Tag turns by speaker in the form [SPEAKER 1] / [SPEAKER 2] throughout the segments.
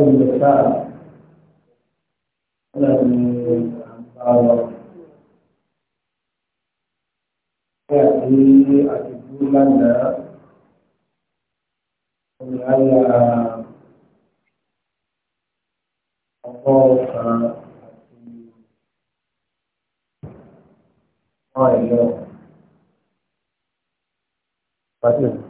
[SPEAKER 1] اللسان الذي يأتي أكتب لنا وعلى
[SPEAKER 2] أطوف قائل
[SPEAKER 1] Thank you.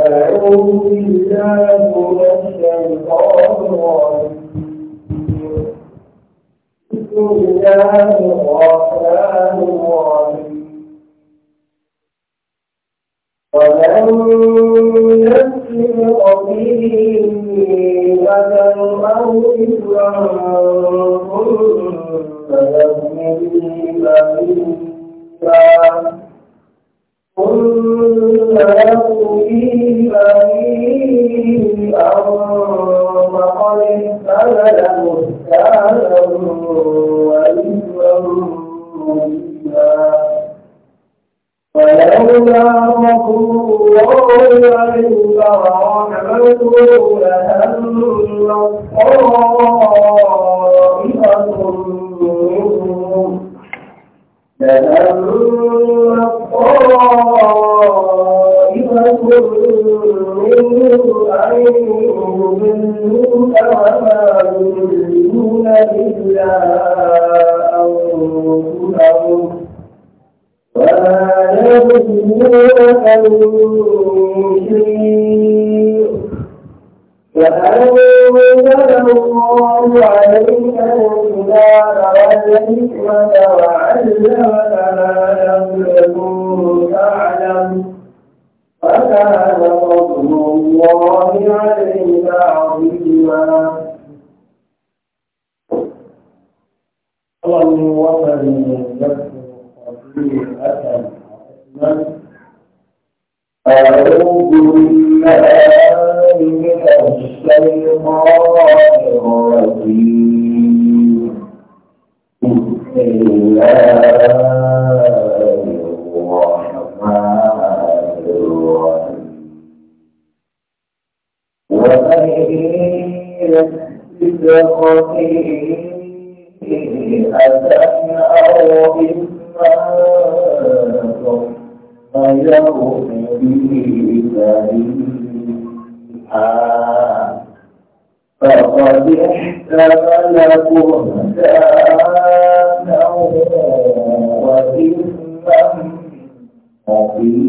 [SPEAKER 1] أعوذ بالله من الشيطان الرجيم بسم الله الرحمن الرحيم ومن يسر قبيل مثل أو إثما ثم يبني بإيمان كل يقضي فيه أرض قد سبل مهتالا وإثما
[SPEAKER 2] مبينا ولولا فضل
[SPEAKER 1] الله عليك ورحمته لهم الطائفة فأما الطائفة منهم أن يضلوك وما يضلون إلا أنفسهم وما يضلون من شيء وأنزل الله عليك الكتاب والحكمة وعلمك ما لم تكن تعلم فكان فضل الله عليك عظيما الله وصل نفسه قدير أتى أعوذ بالله من الشيطان الرجيم بسم الله
[SPEAKER 2] الرحمن الرحيم
[SPEAKER 1] ومن يكسب خطيئة أو إثما ثم يرمي به شيئا فقد احتمل بهتانا وإثما مبينا فقد احتمل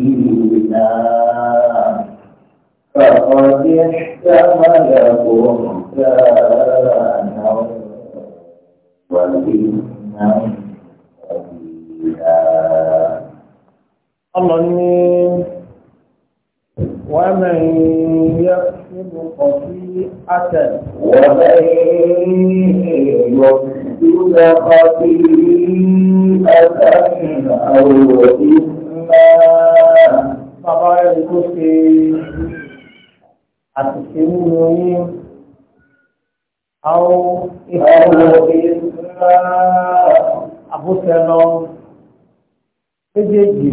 [SPEAKER 1] بهتانا وإثما مبينا الله ومن يقل يظلم خطيئة ومن يظلم خطيئة أو
[SPEAKER 2] إثما
[SPEAKER 1] bàbá rẹ̀ tó ṣe àtìṣe nínú yín àwọn ìfọwọ́ àbúṣẹ́lọ méjèèjì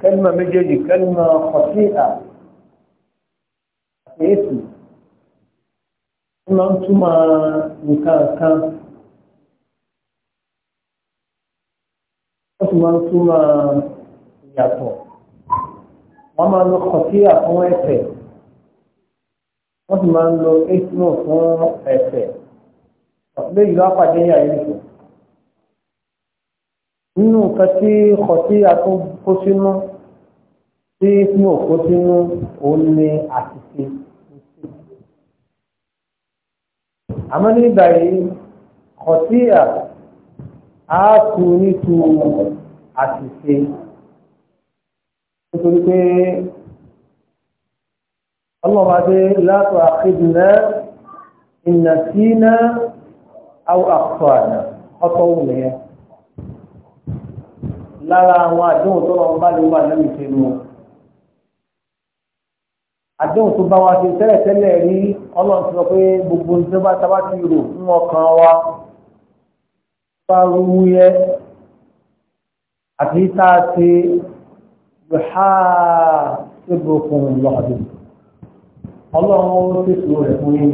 [SPEAKER 1] kẹ́lìmọ̀ méjèèjì kẹ́lìmọ̀ ọ̀síà èsì ó máa ń túmọ̀ nǹkan kan wọ́n sì máa ń túmọ̀ ìyàtọ̀ wọ́n máa ń lo kọ̀tíyà fún ẹ̀fẹ̀ wọ́n sì máa ń lo ẹ̀sìnà fún ẹ̀fẹ̀ ọ̀pẹ́ ìlú àpàdé yà yìí nínú nǹkan tí kọ̀tíyà tó kó sínú tí fún òkú sínú òun ní àtìsí àmọ́ nígbà yìí kọ̀tíyà á tu nítu àtìsí nítorí pé ọlọ́mọdé látọ̀ àkídùnà ìnàsínà àwọn àkọ́ àná ọ̀tọ̀ òun lára àwọn àdéhùn tó lọ bá lè wà lẹ́nu ìṣẹ́nu wọn. àdéhùn tó bá wa ṣe tẹ́lẹ̀tẹ́lẹ̀ rí ọlọ́run ti sọ pé gbogbo ní bá tá a bá ti rò ń ọkàn wa bá rúwú yẹ àti tá a ṣe lọ́dún ọlọ́run ó ṣètò rẹ̀ fún yín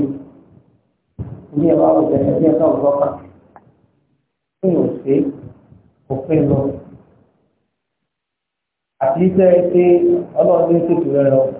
[SPEAKER 1] ní ẹ̀rọ àwùjọ ẹ̀ka ṣe òfin lọ àti tẹ́ ẹ ṣe ọlọ́run ní ṣètò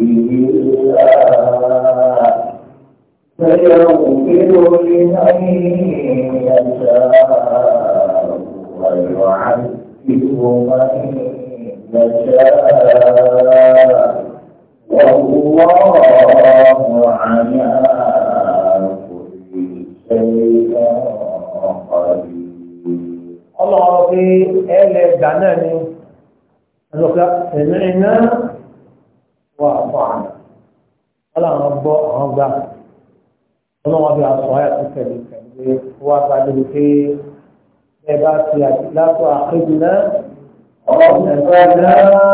[SPEAKER 1] فيغفر لمن يشاء ويعذب من يشاء والله على كل شيء قدير الله في إلى الدعناني أنك سمعنا wọ́n àpò àná wọ́n làwọn gbọ́ àwọn gbà wọ́n náà wọ́n fi àṣọ ayà tó tẹ̀lé tẹ̀lé wọ́n àgbà débi pé bẹ́ẹ̀ bá ti àti lápò àkébi náà ọ̀sẹ̀ gbàgbà àyà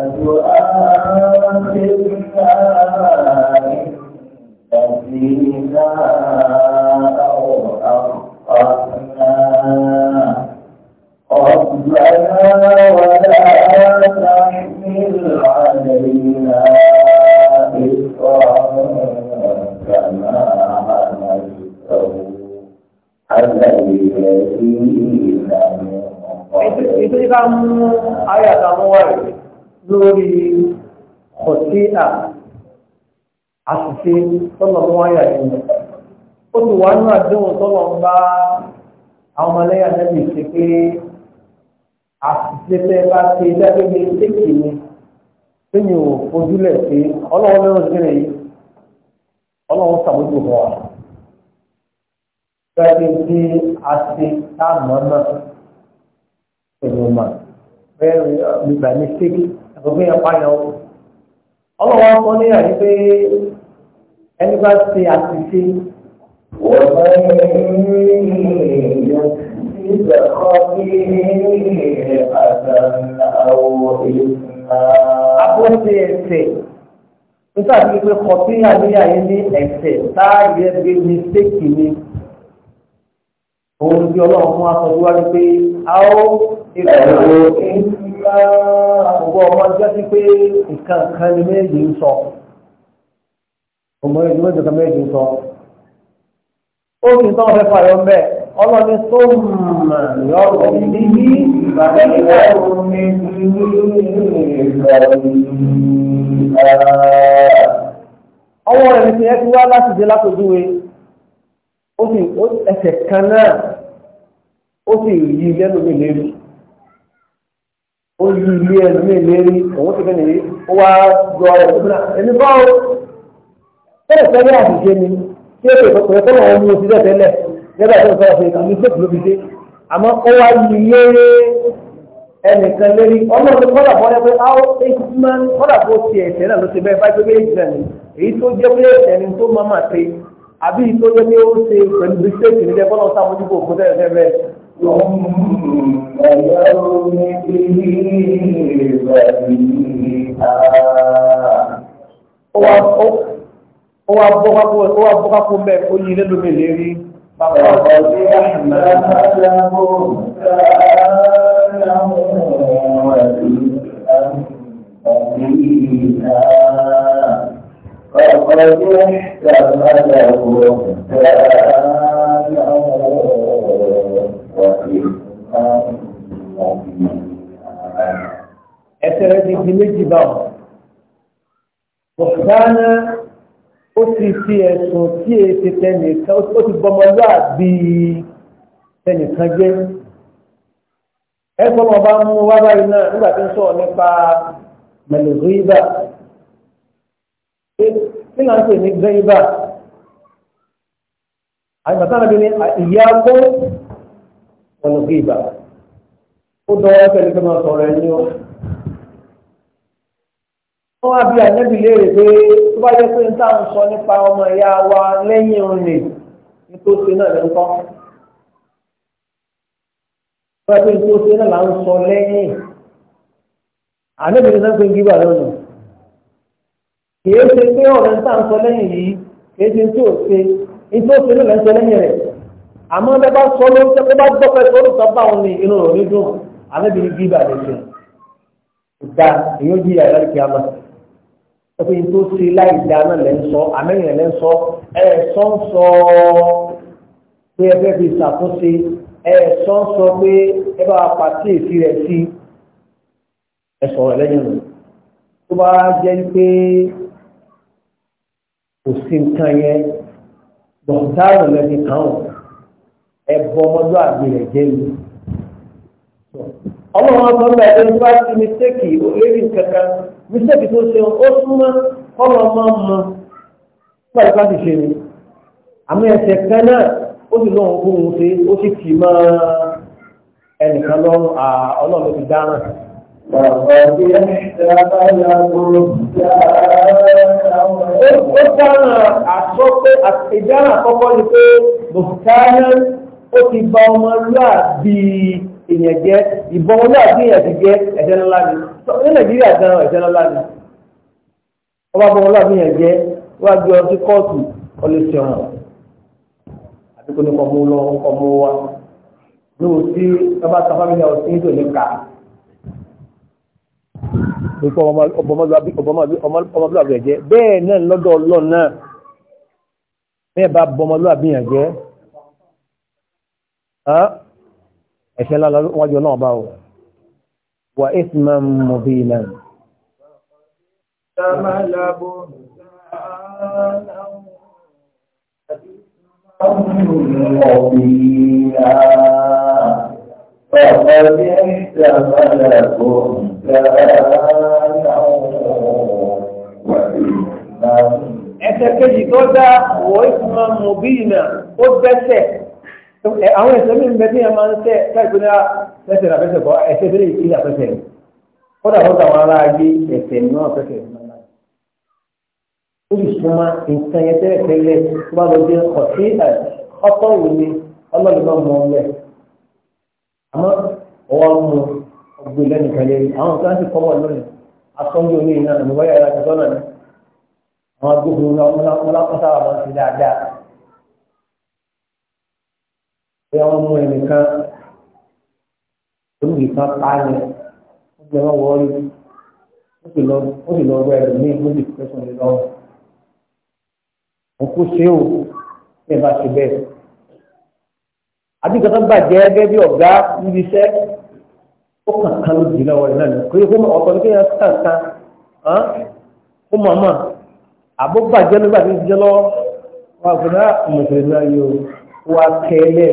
[SPEAKER 1] àjò àkébi علينا إصرارا كما عملته على الذين من Ìtúrí ká mú ayàtàmúwà rẹ̀ lórí kọ̀tíà àṣìṣe tọ́lọ̀mọ́ ayà ìrìn. Ó ti wà ní àdéhùn tọ́lọ̀ ń bá àwọn ọmọlẹ́yà lẹ́bí ṣe pé àṣìṣe tẹ́ bá ṣe dágbégbé tẹ́kì ni tẹ́yìn ò fojúlẹ̀ pé ọlọ́wọ́ mẹ́rin sí rẹ̀ yìí ọlọ́wọ́ sàmójú fún wa fẹ́ẹ́ tí a ti táàmù náà pẹ̀lú ọmọ bẹ́ẹ̀ gbígbà ní ṣéèkì àgbègbè apáyọ̀ ọlọ́wọ́ sọ ní àyè pé ẹni bá ṣe àṣìṣe. wọ́n bá ń rí ìyọ̀ nígbà kan bí àgbà náà ó ìlú náà tó ṣe ẹ̀ṣẹ̀ nígbà tí pé kọfí àníyá yẹn ní ẹ̀ṣẹ̀ táàyè gbé ní séèkì ni òun bí ọlọ́run fún aṣọ tó pé a ó ìgbàlódé ìgbà ọgbọ́n ọmọ jẹ́ sí pé nǹkan kan ní méjì ń sọ ọmọ ìlú méjì kan méjì ń sọ ó kì tán fẹ́ fàyọ́ mẹ́ẹ̀ ọlọ́ni tó mọ̀ lọ́rọ̀ níbí ìbàdílẹ̀ omi ní ọwọ́ rẹ̀ ti ẹkú wá láti dé látòjúwe ó sì ẹsẹ̀ kan náà ó sì yí lẹ́nu mi lérí ó yí ilé ẹnu mi lérí òun ti fẹ́ni ó wá yọ ẹ̀kúnra ẹni báwo fẹ́rẹ̀ fẹ́rẹ̀ àṣìṣe ni tí ó pè pẹ̀lú ọmọ òun ti dẹ̀ tẹ́lẹ̀ nígbà tó sọ fún ìkànnì tó fi dé àmọ́ ó wá yí ẹnìkan lérí ọlọ́run kọ́dà bọ́ lẹ́pẹ́ áwọ́ èyí máa ń kọ́dà bó ti ẹ̀sẹ̀ náà ló ti bẹ́ẹ̀ báyìí tó bẹ́ẹ̀ jìnnà èyí tó jẹ́ pé ẹ̀sẹ̀ tó máa máa ṣe àbí èyí tó jẹ́ pé ó ṣe pẹ̀lú bíṣẹ́ẹ̀tì nílẹ̀ bọ́lá ọ̀sán àmójúkò òkú tẹ́lẹ̀ bẹ́ẹ̀ ó wá bọ́ kápó mẹ́ẹ̀ ó yin lẹ́nu mi lérí. فقد احملها له كانه وليا مبينا فقد احتمله كانه وليا مبينا ẹsẹ̀rẹ̀ ti di méjì báwọn. Bùkánà ó ti fi ẹ̀sùn tí e ti tẹnìkan ó ti bọmọlúàbí tẹnìkan jẹ́ ẹ̀sùn ọmọ bá mú wá báyìí náà nígbà tí ń sọ̀rọ̀ nípa mẹlẹ̀gíríbà kí là ń pè ní gíríbà àyùbá náà bí ní ìyá kó mẹlẹ̀gíríbà ó dọwọ́ pẹ̀lú pé máa sọ̀rọ̀ ẹ̀ ní ó. wọ́n bí àyẹ́bí léèrè pé tó bá jẹ́ pé n táwọn sọ nípa ọmọ ìyá wa lẹ́yìn òní ní tó ṣe náà ló ń kọ́. tó bá jẹ́ pé tó ṣe náà là ń sọ lẹ́yìn àdébìnrin náà pé ń gíbà lónìí. kì í ṣe pé ọ̀rẹ́ ń táwọn sọ lẹ́yìn yìí kì í ṣe tí ò ṣe ní tó ṣe náà lẹ́ ń sọ lẹ́yìn rẹ̀. àmọ́ ẹ bá sọ ló ń bá gbọ́ pẹ́ sọ́dún tó bá òun ní inú rẹ̀ ní dùn àdébìnrin gíbà lè ṣe. ìta ẹ̀fọ́ yìí tó ṣe láì dáa náà lẹ́ ń sọ àmẹ́yìn lẹ́ ń sọ ẹ̀ sọ ń sọ pé ẹ fẹ́ fi ṣàtúnṣe ẹ̀ sọ ń sọ pé ẹ bá pàṣẹ èsì rẹ̀ sí ẹ sọ̀rọ̀ lẹ́yìn rẹ̀ tó bá jẹ́ pé kò sí nǹkan yẹn dọ̀tàrù lẹ́bi kan ọ̀ ẹ bọ ọmọdé àgbèrè jẹ́ mi ọlọ́run ọ̀sán bẹ̀rẹ̀ tó bá ti mi tẹ́kì ó lérí kankan mistake tó ṣe ó súnmọ́ kọ́mọ máa mọ pẹ̀lú ká ti ṣe ni àmì ẹsẹ̀ kan náà ó sì lóun kó òun ṣe ó sì kì í mọ́ ẹnìkan lọ́rùn ọlọ́run ti dáná. Ó
[SPEAKER 2] dáná àsọ pé ìdáná àkọ́kọ́
[SPEAKER 1] ni pé Bùkánà ó ti ba ọmọlúàbí ìyẹn jẹ́ ìbọn ọmọlúàbí ìyẹn ti jẹ́ ẹ̀jẹ̀ ńlá ni ní nàìjíríà gan ẹ̀sẹ̀ lọ́la ni ọba bọ́ wọn láàbí yẹn jẹ́ wọ́n á gbé ọ sí kóòtù ọlẹ́ sẹ́wọ̀n àti kò ní kọ́ mú lọ kọ́ mú wa lóò sí ọba sọ fámìlì ọ̀ sí nítorí ká. Nípa ọmọlúwàbí ẹ̀jẹ̀ bẹ́ẹ̀ náà lọ́dọ̀ ọlọ́run náà bẹ́ẹ̀ bá bọmọlúwàbí ẹ̀jẹ̀ ẹ̀ṣẹ̀ ńlá wájú ọlọ́run bá wọ̀. وإثما مبينا وإثما ẹsẹ̀ kejì tó dá wọ́n ìfúnmọ́ mọ̀bí náà ó bẹ́sẹ̀ Eh, àwọn ẹ̀sẹ̀ mi bẹ tí ẹ máa ń tẹ́ káìpé ní ẹsẹ̀ náà fẹsẹ̀ kọ́ ẹsẹ̀ tó lè kí ìyá fẹsẹ̀ rẹ̀ kódà kódà àwọn ará ayé ẹsẹ̀ náà fẹsẹ̀ rẹ̀ máa ó sì súnmọ́ nǹkan yẹn tẹ́lẹ̀ tẹ́lẹ̀ tó bá lọ dé ọ̀sí ọ̀tọ̀ wò ni ọlọ́run náà mọ ọlẹ̀ àmọ́ ọwọ́ mu ọgbẹ́ lẹ́nu kan lérí àwọn kan sì lónìí asọ́njú oníyìn náà ní pé wọ́n mú ẹnìkan olùyìnkan pààyàn ó gbé wọn wọlé ó sì lọ ó sì lọ wọ ẹlòmíì ó sì fẹsùn lé lọ́wọ́ òkú ṣe ò ní ìbá ṣe bẹ́ẹ̀ àbí kankan bàjẹ́ gẹ́gẹ́ bí ọ̀gá níbi iṣẹ́ ó kàn kan ló jì lọ́wọ́ náà ní pé ọ̀tọ̀ ní kéèyàn kàn kan ó mọ̀ mọ̀ àbó bàjẹ́ nígbà tí ń jẹ́ lọ́wọ́ wọn àgbẹ̀dá mùsùlùmí ayò wà kẹ́lẹ́.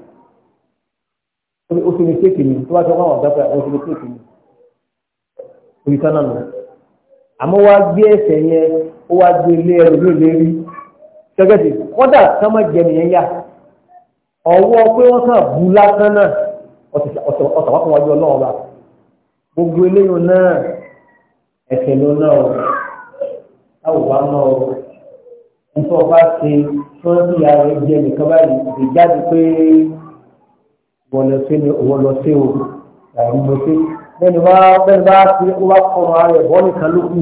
[SPEAKER 1] ó fi ní kéèkì ni tó bá ti wọ́n ọ̀gá pé ó fi ní kéèkì ni orí tánà nù. àmọ́ wá gbé ẹsẹ̀ yẹn ó wá gbé ilé ẹrù ní ilé rí gẹ́gẹ́sì kọ́dà ká má jẹ nìyẹn yá ọwọ́ pé wọ́n kàn bú lásán náà ọ̀sàwá fún wájú ọlọ́run ọba gbogbo eléyìí náà ẹ̀sẹ̀ ló náà o àwòwá náà o nípa ọba ṣe tí wọ́n ti yà rẹ̀ jẹ nìkan báyìí ìgbéjáde pé wọlọsí ni wọlọsí o àìmọsí bẹ́ẹ̀ni bá bẹ́ẹ̀ni bá ti wá kọrọ ayẹ bọ nìkan ló kù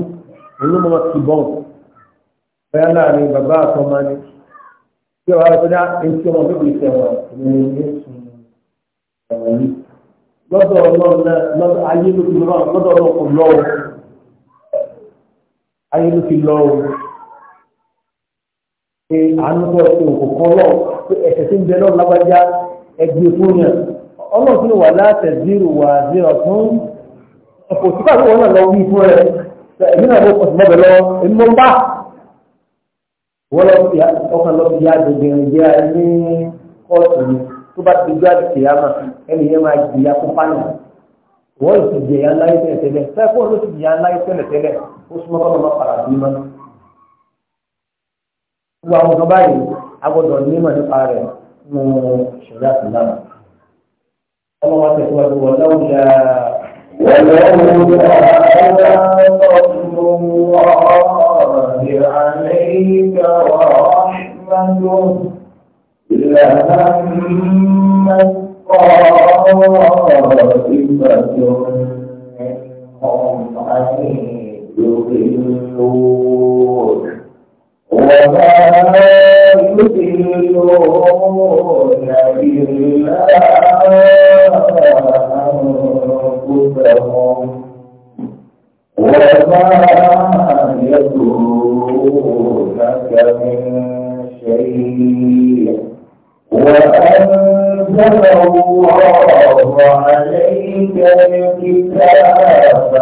[SPEAKER 1] olómọ ti bọ bẹ́ẹ̀ láàrin bàbá àtọmọ ni tí ọ̀rọ̀ àti ọjà ń tí ọmọ bíbí ìṣẹ̀wọ̀n ní ní sùn ẹ̀wọ̀n yìí lọ́dọ̀ ọlọ́run náà lọ́dọ̀ ayé ló fi lọ́wọ́ lọ́dọ̀ ọlọ́run kò lọ́wọ́ ayé ló fi lọ́wọ́ pé àánú tó ṣe òkò lọ́wọ́ ẹ̀sẹ̀ tí ń bẹ lọ́run lágbájá ẹgbẹ́ fún yẹn ọlọ́run wà láti zero wà zero fún ọkọ̀ tí káàkiri wọn náà lọ wí fún ẹ èmi náà ló pọ̀sùn mọ́bẹ̀ lọ èmi ló ń bá wọ́n lọ sí ọkàn lọ sí àgbègbè ìjẹ́ ní kóòtù ni tó bá ti gbá ìṣẹ̀yà mà ẹni yẹn máa jìyà fún pánà wọ́n lọ sí jìyà ńlá yìí tẹ́lẹ̀ tẹ́lẹ̀ sẹ́kọ̀ọ́ ló sì jìyà ńlá yìí tẹ́lẹ̀ tẹ́lẹ̀ ó súnmọ́ kọ́ lọ́mọ padà bí mọ́. gbogbo àwọn kan báyìí agbọ́dọ̀ ní mọ̀ nípa rẹ̀ nínú ṣẹ̀dá ìlà. ọmọ wa tẹ̀síwájú wọn lọ́wọ́ ya. ولولا أن الله عليك ورحمته لهمت طائفة منهم أن يضلوك وما يذلون إلا أنفسهم وما يدرونك من شيء وأنزل الله عليك الكتاب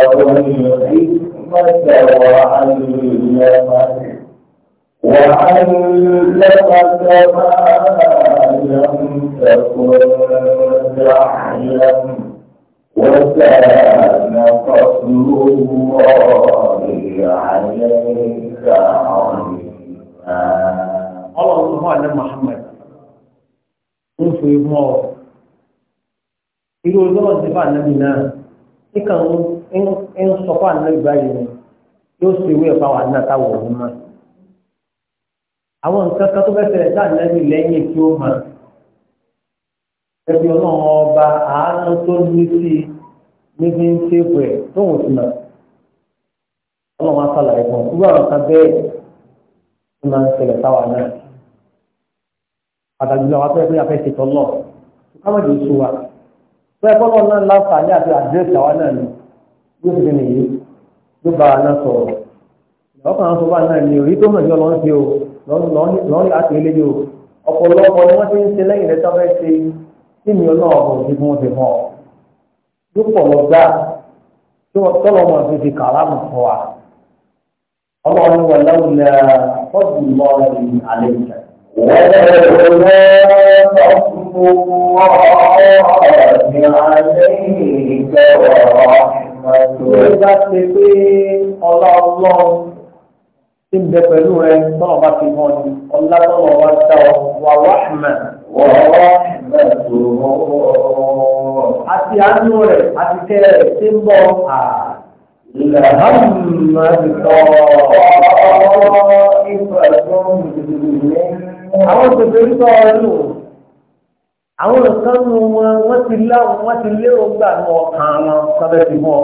[SPEAKER 1] والحكمة وعلمك وألف كما لم
[SPEAKER 2] تكن تعلم ń ọ.
[SPEAKER 1] ni, yóò ẹ̀fà wà náà. àwọn nǹkan kan tó fẹ́ ṣẹlẹ̀ sáà lẹ́yìn lẹ́yìn tí ó mọ̀ ẹbí ọlọ́run ọba àánú tó ní sí níbi ń ṣèpò ẹ̀ tóun sì mọ̀ ọlọ́run asàlà ẹ̀gbọ́n irú àwọn kan bẹ́ẹ̀ tó máa ń ṣẹlẹ̀ sáwà náà pàtàkì lọ́wọ́ afẹ́ pé afẹ́ ṣètò ọlọ́ọ̀ ká má jẹ́ oṣù wa fẹ́ kọ́lọ́ náà láǹfààní àti àdírẹ́sì àwa náà ni yóò fi nìyí ló bá wa náà sọ̀rọ̀ ìyàwó kan sọ lọ́ọ́ láti eléyìí o ọ̀pọ̀lọpọ̀ ni wọ́n ti ń ṣe lẹ́yìn rẹ̀ sábẹ́ ṣe kí ni ọlọ́ọ̀bọ̀ òbí fún ọ̀sẹ̀ mọ́ ọ lọ́pọ̀ lọ gbá tọ́lọ́ mọ̀ fi fi kàlámù fún wa ọlọ́run wà lọ́wọ́lẹ̀ ah, fọ́ọ̀dù lọ́ọ̀rẹ́ ní alẹ́ ìjà. Wọ́n bá ṣe pé tí ń bẹ pẹ̀lú rẹ tọ́nà bá fi hàn ní ọ̀la tọ́nà wá dá ọ wà wáhùmẹ̀. wà wáhùmẹ̀ tó
[SPEAKER 2] mọ́.
[SPEAKER 1] àti àánú rẹ̀ àti kẹ́ ẹ̀ tí ń bọ̀ à. لهم طائفة àwọn tòbìrì tọ́ ọ lò àwọn nǹkan nu wọn wọ́n ti láwọn wọ́n gbà ní ọkàn wọn sábẹ́ ti mọ́ ọ.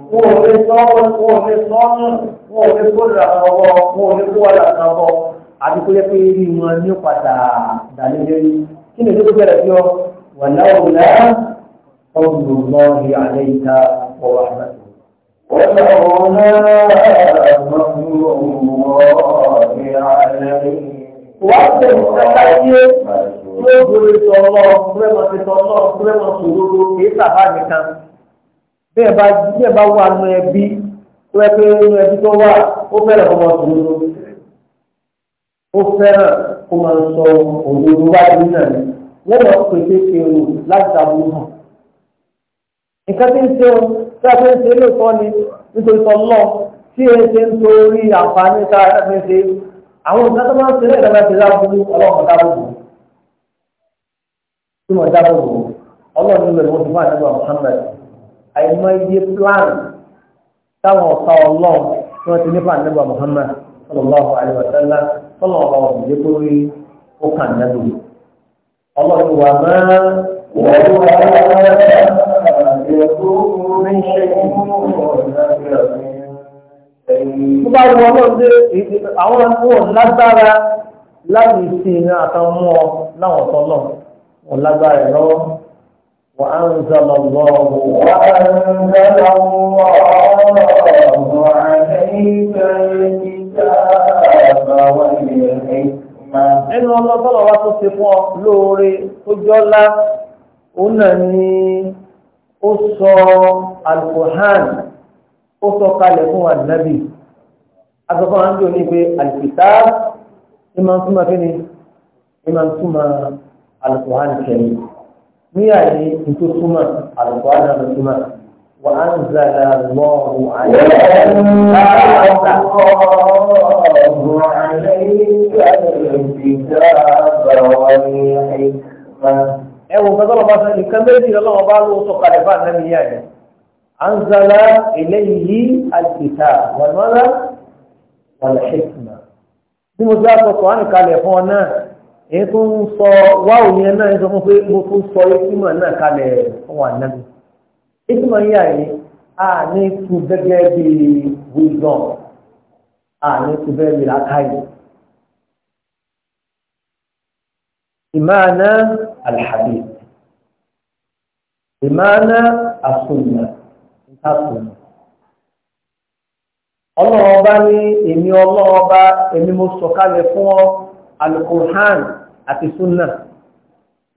[SPEAKER 1] wọn ò lè sọ wọn ò lè sọ ọ́nù wọn ò lè kó ìrànlọ́wọ́ wọn ò lè kó ìrànlọ́wọ́ àti kó yẹ pé rí wọn ní padà dàlélẹ́rí kí ni ìdókòwò rẹ̀ yọ wàlá òwúlá ọ̀gbọ̀n lọ́ọ̀rì àlẹ́ ìta ọ̀wà àbàtì. ولولا مكر الله عليه
[SPEAKER 2] wọ́n tẹ̀ sátáyé yóò gbèrè sọ̀rọ̀ ọ̀gbẹ́mọ̀ ti
[SPEAKER 1] sọ̀rọ̀ ọ̀gbẹ́mọ̀ sòdodo kì í sàbá nìkan bí ẹ bá bí ẹ bá wà nù ẹbí tó ẹ pé nù ẹbí tó wà ó fẹ́ràn kó máa sòdodo ó fẹ́ràn kó máa sọ òdodo wá sí náà ni wọ́n lọ pèsè èrò láti dàbò hàn. nǹkan tí ń ṣe o tí a fi ń ṣe lóòótọ́ ni nítorí sọ lọ tí ẹ ṣe ń torí àǹfààní tá a fi ń ṣe àwọn nǹkan tó máa ń ṣe lẹ́yìn lọ́wọ́ ti dáàbò ọlọ́run dáàbò bò tí wọ́n dáàbò bò ọlọ́run ló lè wọ́n ti fún Muhammad àìmọye plan táwọn ọ̀ka ọlọ́run tí wọ́n ti nípa ànábà Muhammad sallallahu alaihi wa sallam tọ́lọ̀ ọ̀rọ̀ òjò tó rí ó kà nẹ́bù. ọlọ́run wà máa wọ́n wà tó bá wọ ọlọ́run dé àwọn wọn lágbára láti ṣe àtàwọn ọmọ náà ọ̀tọ̀ náà wọn lágbára lọ́wọ́. وأنزل الله وأنزل الله عليك الكتاب والحكمة nínú ọmọ tọ́lọ̀ wá tó ṣe fún ọ lóore tó jọ́lá òun náà ni ó sọ alukohan ó sọ kalẹ̀ fún anabi asọ́fún àwọn àjò ní pé àlùkìtà ìmọ̀ túmọ̀ kí ni ìmọ̀ túmọ̀ alukohan kẹ́yìn. ní يعني انتو سمع القرآن سمع وأنزل الله عليك الله عليك الكتاب والحكمة ẹwọ gbẹdọrọ bá sọ nìkan méjì lọ́wọ́ bá ló sọ kalẹ̀ fún àná nìyá yẹn anzala eléyìí alìkìtà wàlúwàlá wàlúwàlá bí mo ti sọ kọ́ á nìkalẹ̀ fún ọ náà èyí tó sọ wáwò yẹn náà sọ fún pé mo tún sọ ìtumọ̀ náà kalẹ̀ ọ̀hún ànábi ìtumọ̀ yìí àyè a ní tu gẹ́gẹ́ bí wisdom a ní tu bí ìmáàná alhàbí ìmáàná ní èmi èmi mo fún ọ àti súnà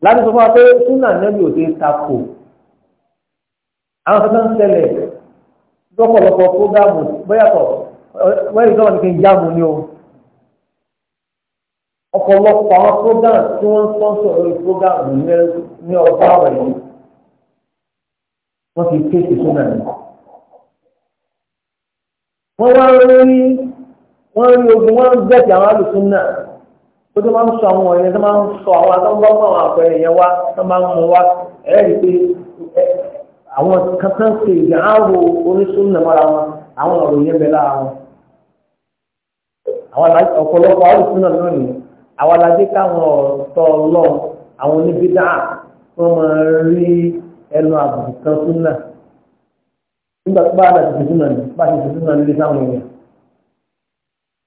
[SPEAKER 1] láti sọ fún wa pé súnà nẹ́bí ò ṣe takò àwọn kan náà ń ṣẹlẹ̀ lọ́pọ̀lọpọ̀ fúgàmù bóyàtọ̀ wọ́n yìí sọ́wọ́n ní kí n jáàmù ni o ọ̀pọ̀lọpọ̀ àwọn fúgàmù tí wọ́n ń sọ́ńsọ̀ lórí fúgàmù ní ọgbà àwẹ̀ yìí wọ́n fi kéèkì súnà ni wọ́n wá rí wọ́n rí ogun wọ́n ń bẹ̀tì àwọn alùsùn náà. ó tó máa ń sọ àwọn ọ̀rẹ́ tó máa ń sọ àwọn atọ́gbọ́n àwọn àpẹẹrẹ yẹn wá tó máa ń mú wá ẹ̀ rí pé àwọn kankan ṣe ìdáhàwò orísun náà mọ́ra wọn àwọn ọ̀rọ̀ yẹn bẹ̀ lára wọn. àwọn ọ̀pọ̀lọpọ̀ náà àwọn káwọn ọ̀tọ̀ lọ àwọn máa rí ẹnu àbùkù kan nígbà tó bá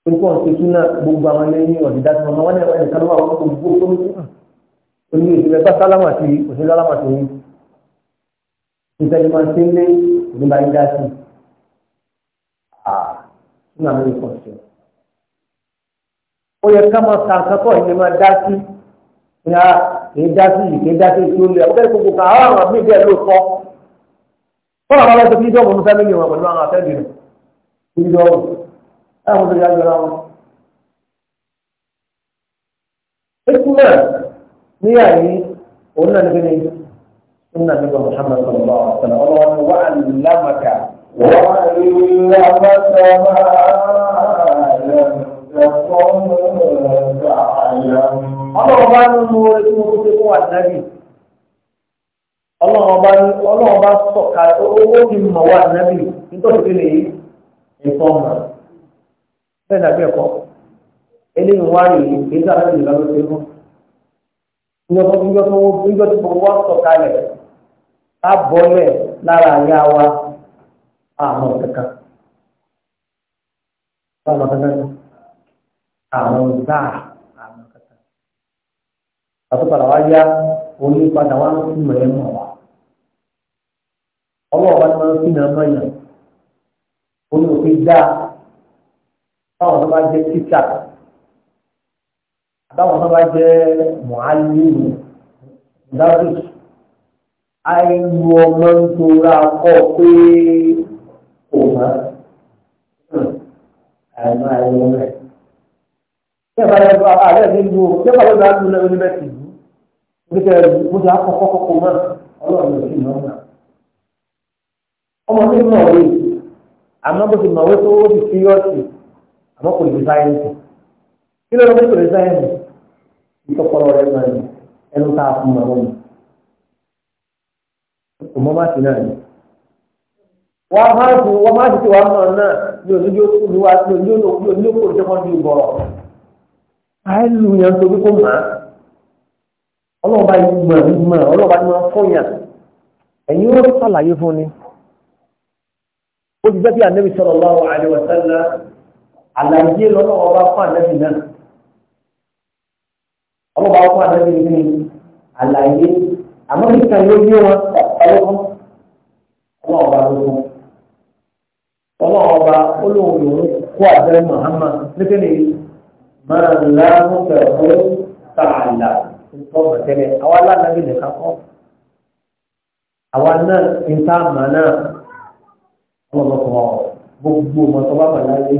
[SPEAKER 1] orúkọ ọ̀sẹ̀tú náà gbogbo àwọn ẹlẹ́yìn ọ̀dídá tí wọ́n wọ́n ní ẹ̀wọ̀n ìkàlọ́wọ́ àwọn ọkọ̀ gbogbo tó ní oní ìṣẹ̀lẹ̀ bá sálámà sí òṣèlú sálámà sí yìí ìṣẹ̀lẹ̀ máa ń ṣe lé ìgbìmọ̀ ayé dá sí i náà ló kọ̀ sí. ó yẹ ká máa ta àkọ́kọ́ ìyẹn máa dá sí ní a kì í yìí kì í dá sí lé ọ̀gá ìkókò táwọn obìnrin àjọra wọn. Ekuma ní àyè òun náà níbi ní sunna nígbà Muhammad sallallahu alaihi wa sallam ọlọ́wọ́ ni wà á lámàkà. Wà á lámàkà máa yẹn ẹ̀fọ́ nígbà àyà. Ọlọ́wọ́ bá ní mú orí tí mo fún ànábì. Ọlọ́wọ́ bá sọ̀ka owó ti mọ̀ wá nítorí pé lè yí ìfọ̀mọ̀. bẹ́ẹ̀ dàbí ẹ̀kọ́ eléyìí wá nke kí na lẹ́yìn ìlànà ṣe mú níjọ́ tó wá bọ́lẹ̀ lára wa àtúpalà wá yá wá ń fún ẹ̀ mọ̀ wá ọlọ́ọ̀bá ń mọ̀ yàn dáa. báwọn náà bá jẹ́ tíṣà báwọn náà bá jẹ́ mọ̀álìmù dábùs àìlú ọmọ ń tora kọ pé kò mọ́ àìmọ́ àìlú rẹ̀. Ṣé ìbára ẹ̀fọ́ ààrẹ mi lu o? Ṣé ìbára ẹ̀fọ́ àlùlẹ̀ oníbẹ̀tì yìí? Ní kẹ́ ẹ̀rù mo ti akọ́kọ́ kọ́kọ́ mọ́ ọlọ́run ló sì mọ́ ọ̀nà. Ọmọ mi mọ̀ wé, àmọ́ bó ti mọ̀ wé tó ó ti fi yọ̀ọ̀sì. àmọ́ kò lè ndị kí ló lọ́dún kò lè sáyẹ́ǹsì ìtọ́kọ̀rọ̀ rẹ̀ náà ni ẹnu tá a fún ọmọ mi kò mọ́ ti náà ni. wà á máa fún máa fi wà á náà ní onídìí ó ní onídìí ó ní onídìí ó yẹn yìí mọ̀ ní mọ̀ àlàyé lọ́nà ọba fún ànábì náà ọlọ́ba fún ànábì ní àlàyé àmọ́ níta yóò yé wọn ọlọ́kọ́ ọlọ́ọba lọ́kọ́ ọlọ́ọba olóhùn lòún kó àbẹ́ Muhammad nítorí máa ń lárúkọ ẹ̀kọ́ tààlà nǹkan mọ̀tẹ́lẹ̀ àwa lánàbì nìkan kọ́ àwa náà níta màá náà ọlọ́mọkùnrin gbogbo mọ̀tọ́ bá wà láyé.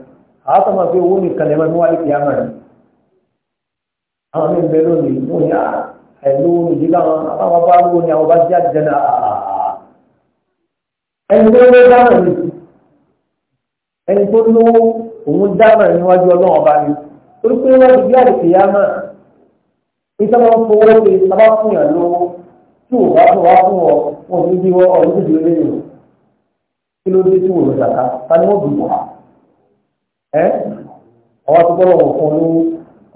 [SPEAKER 1] àwọn tó máa fi owó nìkan lè máa mú wálé kìá mọ̀ ní. àwọn mí bẹ lónìí mú ní àìlówó ní ìdílé àwọn àwọn bá lówó ní àwọn bá jẹ́ àdìjẹ́ náà ẹni tó lówó dámọ̀ ní ẹni tó lówó òun dámọ̀ níwájú ọlọ́run ọba ni torí pé wọ́n ti bí àdìkìá mọ̀ ìtọ́lọ́ fowó ṣe sábà fún yàn lówó tí ò bá fún wa fún ọ wọn ò ní bí wọn ọ̀rọ̀ ìdíje lẹ́yìn kí ló dé tí wò ló dàka ta ni wọ́n bì wá ẹ́ ọwọ́ tó bọ́lọ̀ wọ̀ fún olówó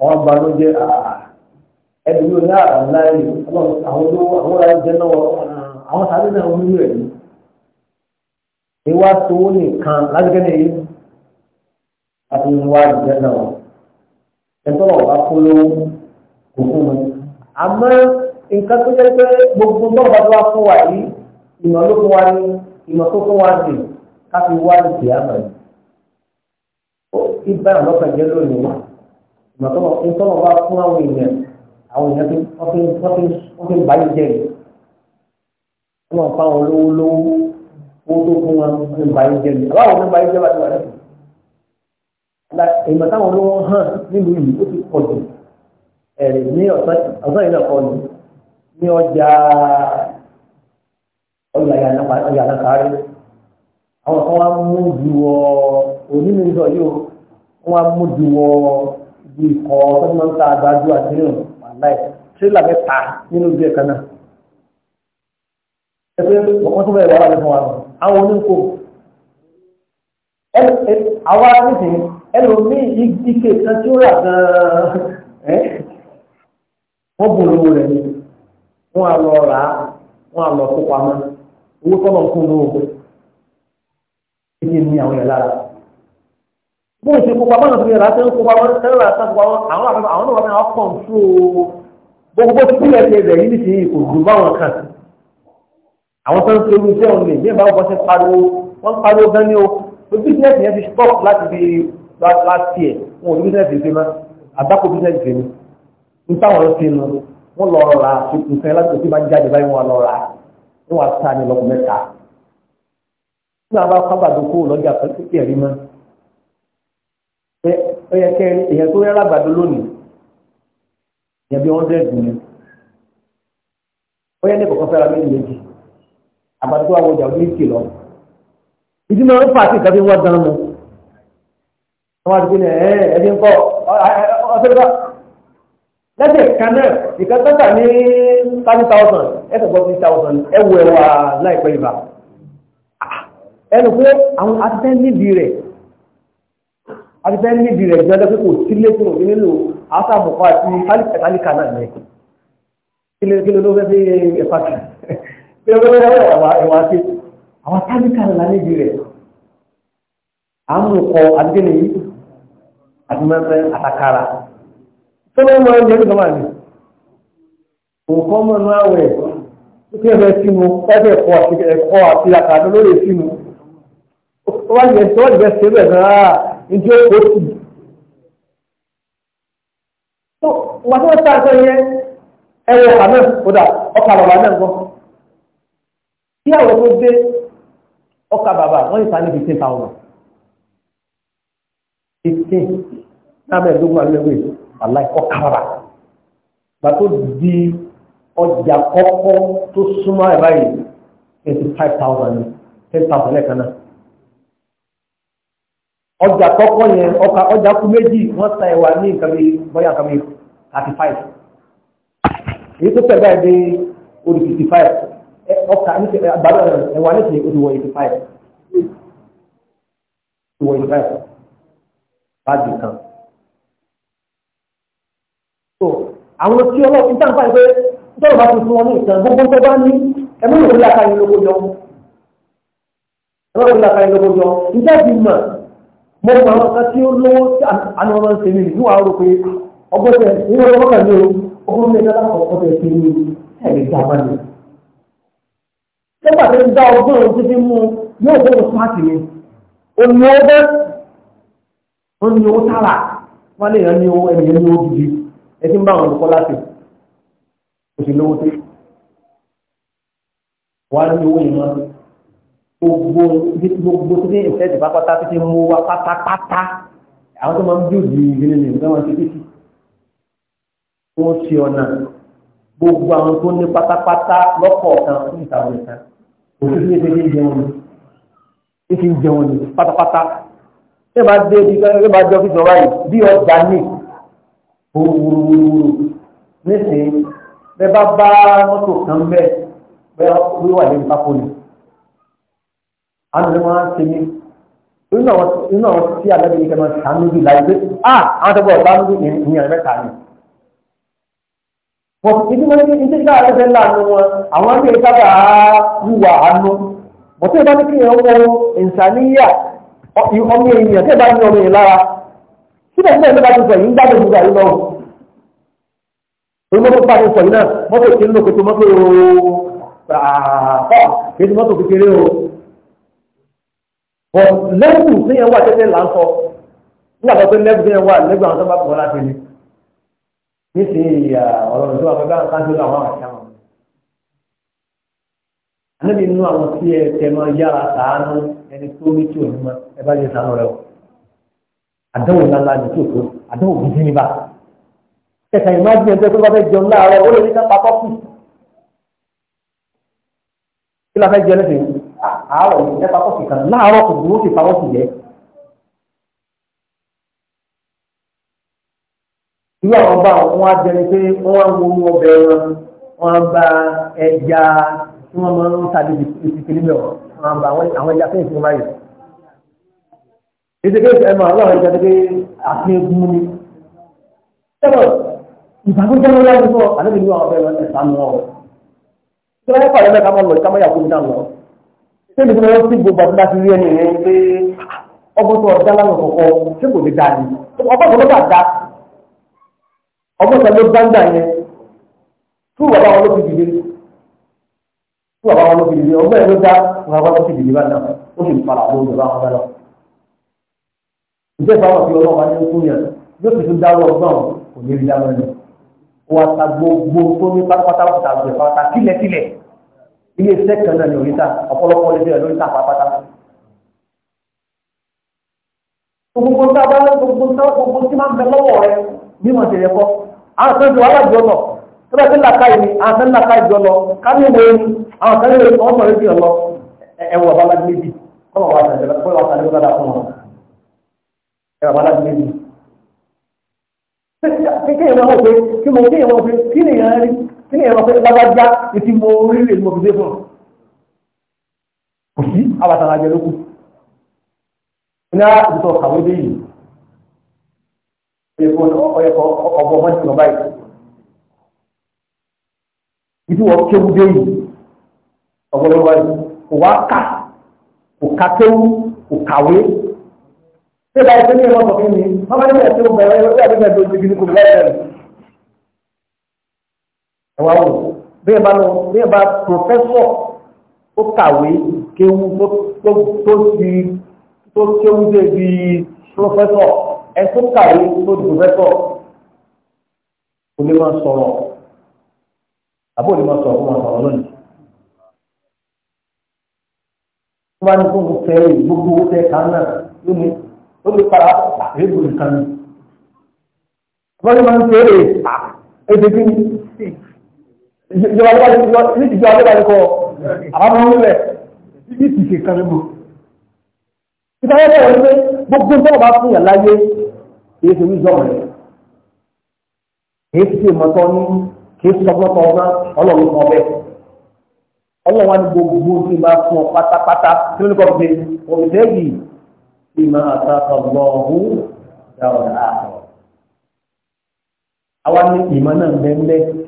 [SPEAKER 1] ọwọ́ ba ló jẹ́ ẹbí yóò ní àrùn láàyè àwọn olówó àwọn ọ̀la jẹ́ náà àwọn sáré náà wọ́n nílò ẹ̀mí. ìwà sowó nìkan lásìkò ní èyí àti ìwà jẹ́ náà ẹ̀tọ́ ọ̀bá kó ló kò fún mi. àmọ́ nǹkan tó jẹ́ pé gbogbo tó bá tó wá fún wa yìí ìmọ̀ ló fún wa ní ìmọ̀ tó fún wa ní ká wá ní ìyá màá yìí ibà lọ́kànjẹ́ lónìí wọn ìmọ̀tọ́mọ̀ ìtọ́mọ̀ bá fún àwọn èèyàn àwọn èèyàn tí wọ́n fi wọ́n fi báyìí jẹ́ yìí wọ́n máa ń fa àwọn lówó lówó owó tó fún wọn wọ́n fi báyìí jẹ́ yìí àbáwọn fi báyìí jẹ́ bá ti wà lẹ́sìn. ìmọ̀ táwọn olówó hàn nílùú yìí ó ti pọ̀ jù ẹ̀rì ní ọ̀sán yìí náà kọ́ ni ní ọjà ọjà yàrá kárí àwọn kan wá mú ju ọ onímọ̀ ìjọ yìí o wọ́n á múdi wọ ibi ikọ̀ tó máa ń ta àgbájú àdéhùn wàláì tírélà mẹ́ta nínú ibi ẹ̀ka náà. ẹ pé wọ́n tún bẹ̀rẹ̀ wàhálà lẹ́fọ̀n wa lọ àwọn oníkó àwa nísìnyí ẹlòmíì ike kan tí ó rà gan-an wọ́n bù lówó rẹ̀ ni wọ́n á lọ rà á wọ́n á lọ kó pamọ́ owó tọ́lọ̀ fún un lówó pé kí ni àwọn yẹn lára bó ṣe kó pamọ́ náà tó yẹ láti ń kó pamọ́ tẹ́lẹ̀ láti ń kó pamọ́ àwọn àpapọ̀ àwọn náà wà náà kàn fún o gbogbo kúlẹ̀ ti rẹ̀ yìí nìṣe kò dùn báwọn kan àwọn tó ń ṣe irú iṣẹ́ òun lè ní ìbáwọ̀ bọ́sẹ̀ pariwo wọ́n pariwo gan ni o pé bísíǹsì yẹn ti stop láti fi láti ẹ̀ wọn ò ní bísíǹsì ìfẹ́ mọ́ àgbákò bísíǹsì ìfẹ́ mi ń táwọn lọ sí inú wọn lọ rọra nǹkan láti òkè máa ń jáde báyìí wọn lọ ra wọn wá sáà ní lọkùn mẹ́ta. nígbà wọn bá kábàdókò lọ́jà pẹ́ẹ́sì ó yẹ kẹ́ èèyàn tó rẹ́rà àgbàdo lónìí èèyàn bí wọ́n dẹ́ẹ̀dù ni ó yẹ ní kọ̀ọ̀kan fẹ́ra méjì méjì àgbàdo tó wà wọ ọjà méjì lọ ìdí máa ń fà á sí ìkàtí wọn dán mu wọn ti pinnu ẹ ẹdí ń kọ ọsẹlẹsọ lẹsẹ kanẹ ìkan tọ́ta ní thirty thousand ẹsẹ̀ gbọ́ three thousand ẹ wọ ẹwà láìpẹ́ ìbá ẹnu pé àwọn atẹ́ níbi rẹ̀ àti ni níbi rẹ̀ gbọ́dọ̀ pé kò sílé tó òbí nílò àtàbùkọ́ àti kálíkà náà ní kí ló ló fẹ́ fi ẹ̀fà kì kí ló fẹ́ fi ẹ̀wà sí àwọn kálíkà náà níbi rẹ̀ àmúkọ àdéhùn yìí àti mẹ́fẹ́ àtàkàrà tó bá wọn jẹ́ nígbà wà ní nǹkan mọ́ inú àwẹ̀ tó kí ẹ̀fẹ́ sínú ẹ̀fẹ́ ẹ̀kọ́ àti àkàdé lórí sínú ó wá jẹ́ tó ìjọ kò sí. tó wà tí wọ́n sá àṣẹ yẹn ẹ̀rọ ọ̀kà náà kódà ọkà bàbá náà gbọ́. kí àwọn tó dé ọkà bàbá wọ́n yìí sáré fifteen thousand fifteen náà mẹ́ẹ̀ẹ́dógún àti ẹgbẹ́ aláì ọkà bàbá gbàtó di ọjà kọ́kọ́ tó súnmọ́ ẹ̀ báyìí twenty five thousand ten thousand lẹ́ẹ̀kan náà ọjà kọ́kọ́ yẹn ọkà ọjà kú méjì wọ́n ta ẹ̀wà ní nǹkan bíi bọ́yá nǹkan bíi thirty five èyí tó tẹ̀ báyìí dé odi fifty five ọkà àgbàdo ẹ̀wà ní ti odi wọ eighty kan. so àwọn tí ọlọ́ọ̀ níta nípa pé nítorí bá ti fún wọn ní ìtàn gbogbo tó bá ní ẹ̀mí ìwé làkàyìn lóko jọ ìwé làkàyìn lóko jọ níta mo mọ àwọn kan tí ó lówó tí àánú ń ṣe mí níwà pé ọgbọ́n tẹ nínú ọgbọ́n ní o ọgbọ́n mi dára kọ̀ọ̀kan tẹ ṣe ní ẹ̀rí gbàgbọ́n mi. nígbà tó ń dá ọgbọ́n òun títí mú yóò fún un sáàtì mi òní ọgbẹ́ òní owó tààrà wọn lè ní owó ẹ̀yẹ ní owó gidi ẹ ti ń bá àwọn olùkọ́ láti òṣèlú owó tẹ wọn á ní owó yìí máa gbogbo gbogbo tó ní ìfẹ́ ìdìbò apáta tó ti mú wa pátápátá àwọn tó máa ń bí òdì ìgbìnrin ní ìgbà wọn ti títí wọn ṣe ọ̀nà gbogbo àwọn tó ní pátápátá lọ́kọ̀ọ̀kan fún ìtàwọn ìtàn òtún ní ìfẹ́ ìdíje wọn ni ìfi ń jẹun ní pátápátá ṣé máa dé ibi kan ṣé máa jọ fífi ọ̀rá yìí bí ọjà ní wúruwúruwúru nísìnyí bẹ́ẹ̀ bá bá mọ́tò kan bẹ́ẹ̀ bẹ́ẹ̀ wíwà àwọn ọmọ wọn ṣe ní inú àwọn tí alábi ní kẹmọ sàánú bí láyé pé ah àwọn tó bọ̀ bá ń bí ìyẹn mẹ́ta ni. wọ́n ti ní wọ́n ní ní tíjà àlẹ́fẹ́ láàánú wọn àwọn àti ìsábà wúwa àánú bọ̀ tí ìbá ní kí ìyẹn wọ ìsàníyà ọmọ ènìyàn tí ìbá ní ọmọ ènìyàn lára síbẹ̀síbẹ̀ ló bá ti sọ yìí ń gbádùn ìgbà yìí lọ́wọ́ olùkọ́ tó bá ti sọ yìí náà mọ́tò ìṣẹ́lẹ̀ but lẹ́bù tí yẹn wà tẹ́tẹ́ là ń sọ nígbà tó pé lẹ́bù tí yẹn wà lẹ́bù àwọn tó bọ̀ láti ní nísìnyí ọ̀rọ̀ tó wà pé bá ń àwọn àṣà wọn. àníbi inú àwọn tí ẹ tẹ máa yára sàánú ẹni tó ní tí ò mọ ẹ bá yẹ sàánú rẹ o àdánwò ńláńlá ni tí ò àdánwò gidi ní bá kẹta ìmájú ẹgbẹ́ tó bá fẹ́ jẹun láàárọ̀ àárọ̀ ẹ papọ̀ sí kan láàárọ̀ kò dúró sí papọ̀ sí jẹ́. irú àwọn bá wọn á jẹni pé wọn wọnú ọbẹ̀ wọn wọn bá ẹja tí wọn máa ń tàbí ìsìnkiri mẹ́ọ̀ wọn bá àwọn ẹja fẹ́ǹsì wọn báyìí. ètò ìgbésẹ̀ ẹ̀ máa ń lọ àwọn ẹja tó gbé àfihàn gún ni. sẹ́wọ̀n ìbànújẹ́ ló láti sọ àlejò ní àwọn ọbẹ̀ wọn ẹ̀sán wọn. ìjọba ẹ̀fọ́ àlẹ́ mẹ́ta máa ń lọ ìkámọ́yà kó mi dá lọ tẹ́lẹ̀ tí wọ́n sì gbogbo àti láti rí ẹni rẹ̀ pé ọgbọ́n tó ọjà lánàá kọ̀kọ́ tí kò lè dà ní ọgbọ́n tó ló bà dá ọgbọ́n tó ló gbáǹgbà yẹn tí bàbá wọn ló fi dìde tí bàbá wọn ló fi dìde ọgbọ́n yẹn ló dá bàbá wọn ló fi dìde bá dà ó sì fara lórí bàbá wọn lọ. ìjẹ́ ìfowópamọ́ fi ọlọ́wọ́ wáyé fún yẹn yóò fi tún dáwọ́ ọgbọ́n kò ní ilé iṣẹ́ kan náà ní oríta ọ̀pọ̀lọpọ̀ lè bẹ̀rẹ̀ lóríta pàápàá. gbogbo ń tábà gbogbo ń tábà gbogbo tí máa ń bẹ lọ́wọ́ rẹ bí wọ́n ti yẹ kọ́ àwọn kan ti wà lájọ lọ tó bá ti ń laka ìní àwọn kan ń laka ìjọ lọ kámi wo ni àwọn kan lè wọ́n sọ̀rọ̀ ìdí ọ̀lọ́ ẹ̀wọ̀ babalábí méjì kọ́ kéèké ìwọ̀n wọ́n pé kí mo kéèké ìwọ̀n pé kí ni ìyàn rí kí ni ìyàn pé lágbájá etí mo rí lè mọ̀ bídé fún kò sí àbàtà àjẹ lókù ní ara ìtọ̀ kàwé dé yìí ṣe fún ọ̀yẹ̀kọ̀ ọ̀bọ̀ mọ́tì lọ báyìí ìdí wọ́n kéwú dé yìí ọ̀bọ̀ lọ́wọ́ yìí
[SPEAKER 2] ṣé báyìí tó ní ẹ̀rọ
[SPEAKER 1] ọ̀gbìn ni wọ́n bá níbẹ̀ tó bẹ̀rẹ̀ ẹ̀rọ ìgbà tó ti gbìn kò láì bẹ̀rẹ̀. ẹ̀wà wò bí ẹ bá lọ bí ẹ bá pòfẹ́sọ̀ tó kàwé kéwu tó ti tó kéwu dé bí pòfẹ́sọ̀ ẹ tó kàwé tó di pòfẹ́sọ̀ kò lè máa sọ̀rọ̀ àbò lè máa sọ̀rọ̀ kó máa sọ̀rọ̀ lónìí. wọ́n á ní kó ń fẹ́ gbogbo owó tẹ kánà lónìí ó lè padà àgbébù nìkan ni wọ́n máa ń ṣe é èdè kí ìjọba ní ìjọba ló bá ní kọ́ àbámọ́ nílẹ̀ títí ti ṣe kan níbo ìtàwọ́ bẹ̀rẹ̀ wípé gbogbo tó bá fún yàn láyé kìí ṣe ní ìjọba rẹ̀ kìí ṣe mọ́tọ́ ní kìí ṣe ọgbọ́tọ̀ ọ̀gá ọlọ́run kan bẹ́ẹ̀ ọlọ́run wa ní gbogbo tí bá fún ọ pátápátá tí ó ní kọ́ fi ṣe òmìnir bima ataka Allahu dáwọ̀dá àtọ̀. Àwa ní ìmọ̀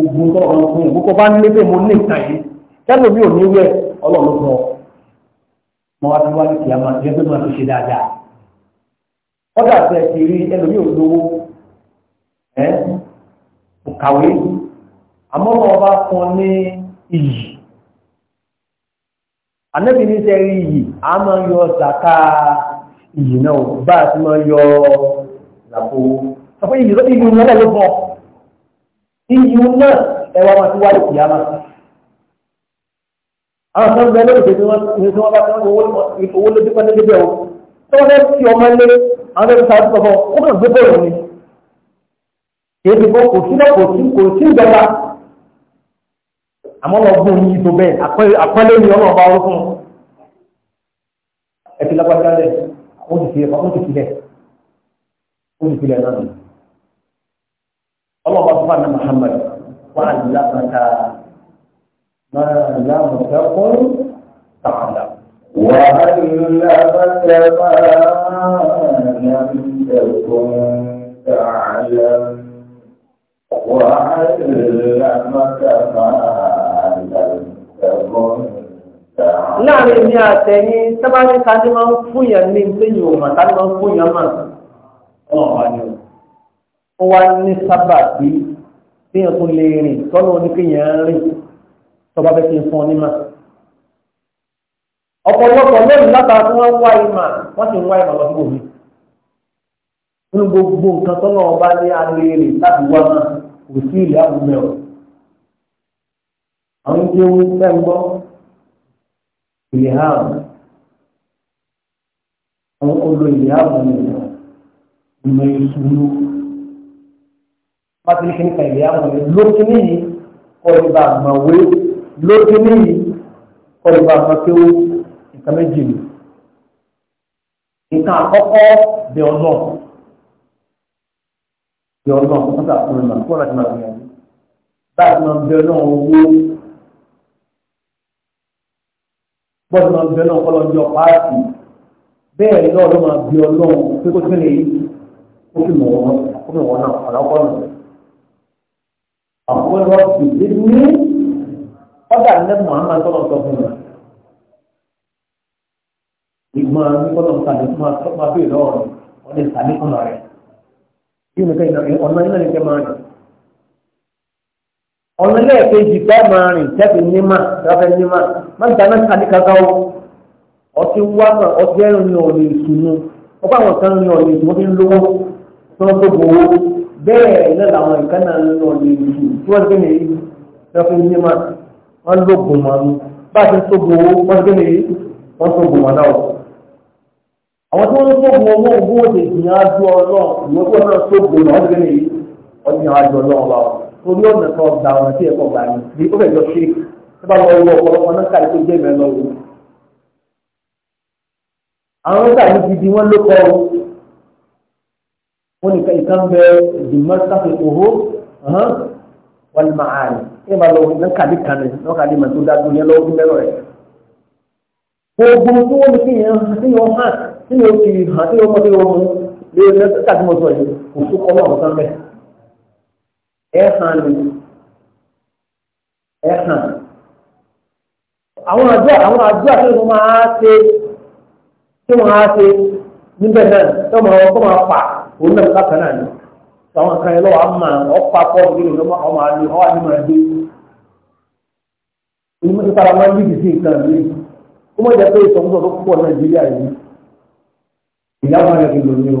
[SPEAKER 1] ogun tó ọ̀rọ̀ fún ìgbó kó bá ní pé mo ní ìtàn mi ní wẹ̀ ọlọ́run sọ mọ wá sí wájú kìá Ànábì ní sẹ́ rí yìí, a máa ń yọ zàká ìyì náà bá a ti máa ń yọ làpò. Sọ pé ìyì lọ́dún ìyì náà ló bọ̀. Ìyì náà ẹwà máa ti wá lè kìyàmá. Àwọn kan bẹ lórí ìṣèjì wọn ní wọ́n bá tán owó lójú pẹ́ lójú bẹ́ẹ̀ o. Tí wọ́n fẹ́ fi ọmọ ilé àwọn ẹgbẹ́ sáré sọ̀fọ̀, ó kàn gbé bọ́ọ̀lù ni. Èdè kan kò sí náà kò sí ìjọba àmọ́ lọ gbọ́n ní ìtò bẹ́ẹ̀ àpẹẹlẹ ni ọlọ́run bá rú fún un ẹ̀fí lágbájá lẹ̀ ó ti fi ó ti filẹ̀ ó ti filẹ̀ náà ọlọ́run bá fún àná Muhammad wà á lámàtà máa lámàtà fún tààlà. وعلمك ما لم تكن تعلم وعلمك ما láàrin ní àtẹ̀yìn sábàáyé kájí máa ń fúnyàn ní ìpéyìn òmà kájí máa ń fúnyàn mà ọlọ́ọ̀bá wá ní sábà bí téèyàn tó lè rìn tọ́lọ́ oníkéèyàn rìn tọ́ba bẹ́ẹ̀ ti ń fún ọ ọ̀pọ̀lọpọ̀ lónìí látara tí wọ́n wá ìmà wọ́n ti wá ìmà àwọn tí ó ń fẹ́ ń gbọ́ ìlìhàmù àwọn olo ìlìhàmù nìyẹn ìmọ̀ ìṣúlú pátí kí ní ka ìlìhàmù nìyẹn lókè níyì kọ́ ìbá àmàwé lókè níyì kọ́ ìbá àmàkéwò nǹkan méjì ni nǹkan àkọ́kọ́ bẹ̀ ọ́ náà bẹ̀ ọ́ náà wọ́n sàkóso náà kó láti máa gbìyànjú báyìí máa bẹ̀ ọ́ náà owó. bọ́ọ̀lù máa bẹ náà kọ́lọ́ jọ páàtì bẹ́ẹ̀ náà ló máa bí ọlọ́run pé kó tẹ́lẹ̀ yìí ó fi mọ̀ wọ́n ó fi wọ́n náà ọ̀lọ́kọ́ náà. àwọn ẹ̀rọ ìdí ní ọ̀dà ní Muhammad tọ́lọ̀ sọ fún wa. ìgbọ́n ní kọ́lọ̀ sàlẹ̀ fún wa tó máa bèèrè lọ́wọ́ rẹ̀ wọ́n lè sàlẹ̀ fún wa ọ̀nà lẹ́ẹ̀kejì tó máa rìn tẹ́kì nímà tẹ́fẹ́ nímà máa ń dáná sáré kankan o ọtí wá mà ọtí ẹ̀rùn ní ọ̀nà ìsúnú ọkọ àwọn kan ní ọ̀nà ìsúnú fi ń lówó tó ń gbogbo owó bẹ́ẹ̀ náà làwọn nǹkan náà ní ọ̀nà ìsúnú tí wọ́n ti gbé nìyí tẹ́fẹ́ nímà wọ́n ló gùn mọ́ ní bá a ti tóbi owó wọ́n ti gbé nìyí wọ́n tó gùn mọ́ náà àwọn tí wọ́n tó gùn owó owó ti orí ọ̀nà kan ọgbà ọ̀nà tí ẹ̀kọ́ gbà ní bí ó fẹ̀jọ ṣe tó bá lọ wọ ọ̀pọ̀lọpọ̀ náà káàdì tó jẹ́ ìmọ̀ lọ wò. àwọn ọ̀gá ní gidi wọ́n ló kọ́ wọn nìkan ìkan bẹ jùmọ̀ sáfẹ̀ òhó wọn ni màá rẹ̀ ẹ máa lọ wọn kàdí kan ní wọn kàdí màá tó dájú yẹn lọ́wọ́ mẹ́rọ̀ rẹ̀. gbogbo tí wọ́n ní kí yẹn tí wọ́n hàn tí wọ́n fi hàn tí wọ́n mọ̀ tí ẹ̀hàn ni ẹ̀hàn àwọn àjọ àwọn àjọ àtúntò máa ṣe tí wọ́n á ṣe níbẹ̀ náà tó máa wọ́n tó máa fà òun ni àwọn kan yẹn lọ́wọ́ á máa nínú ọmọ àlè ọwọ́ máa máa ń bí nǹkan mi kó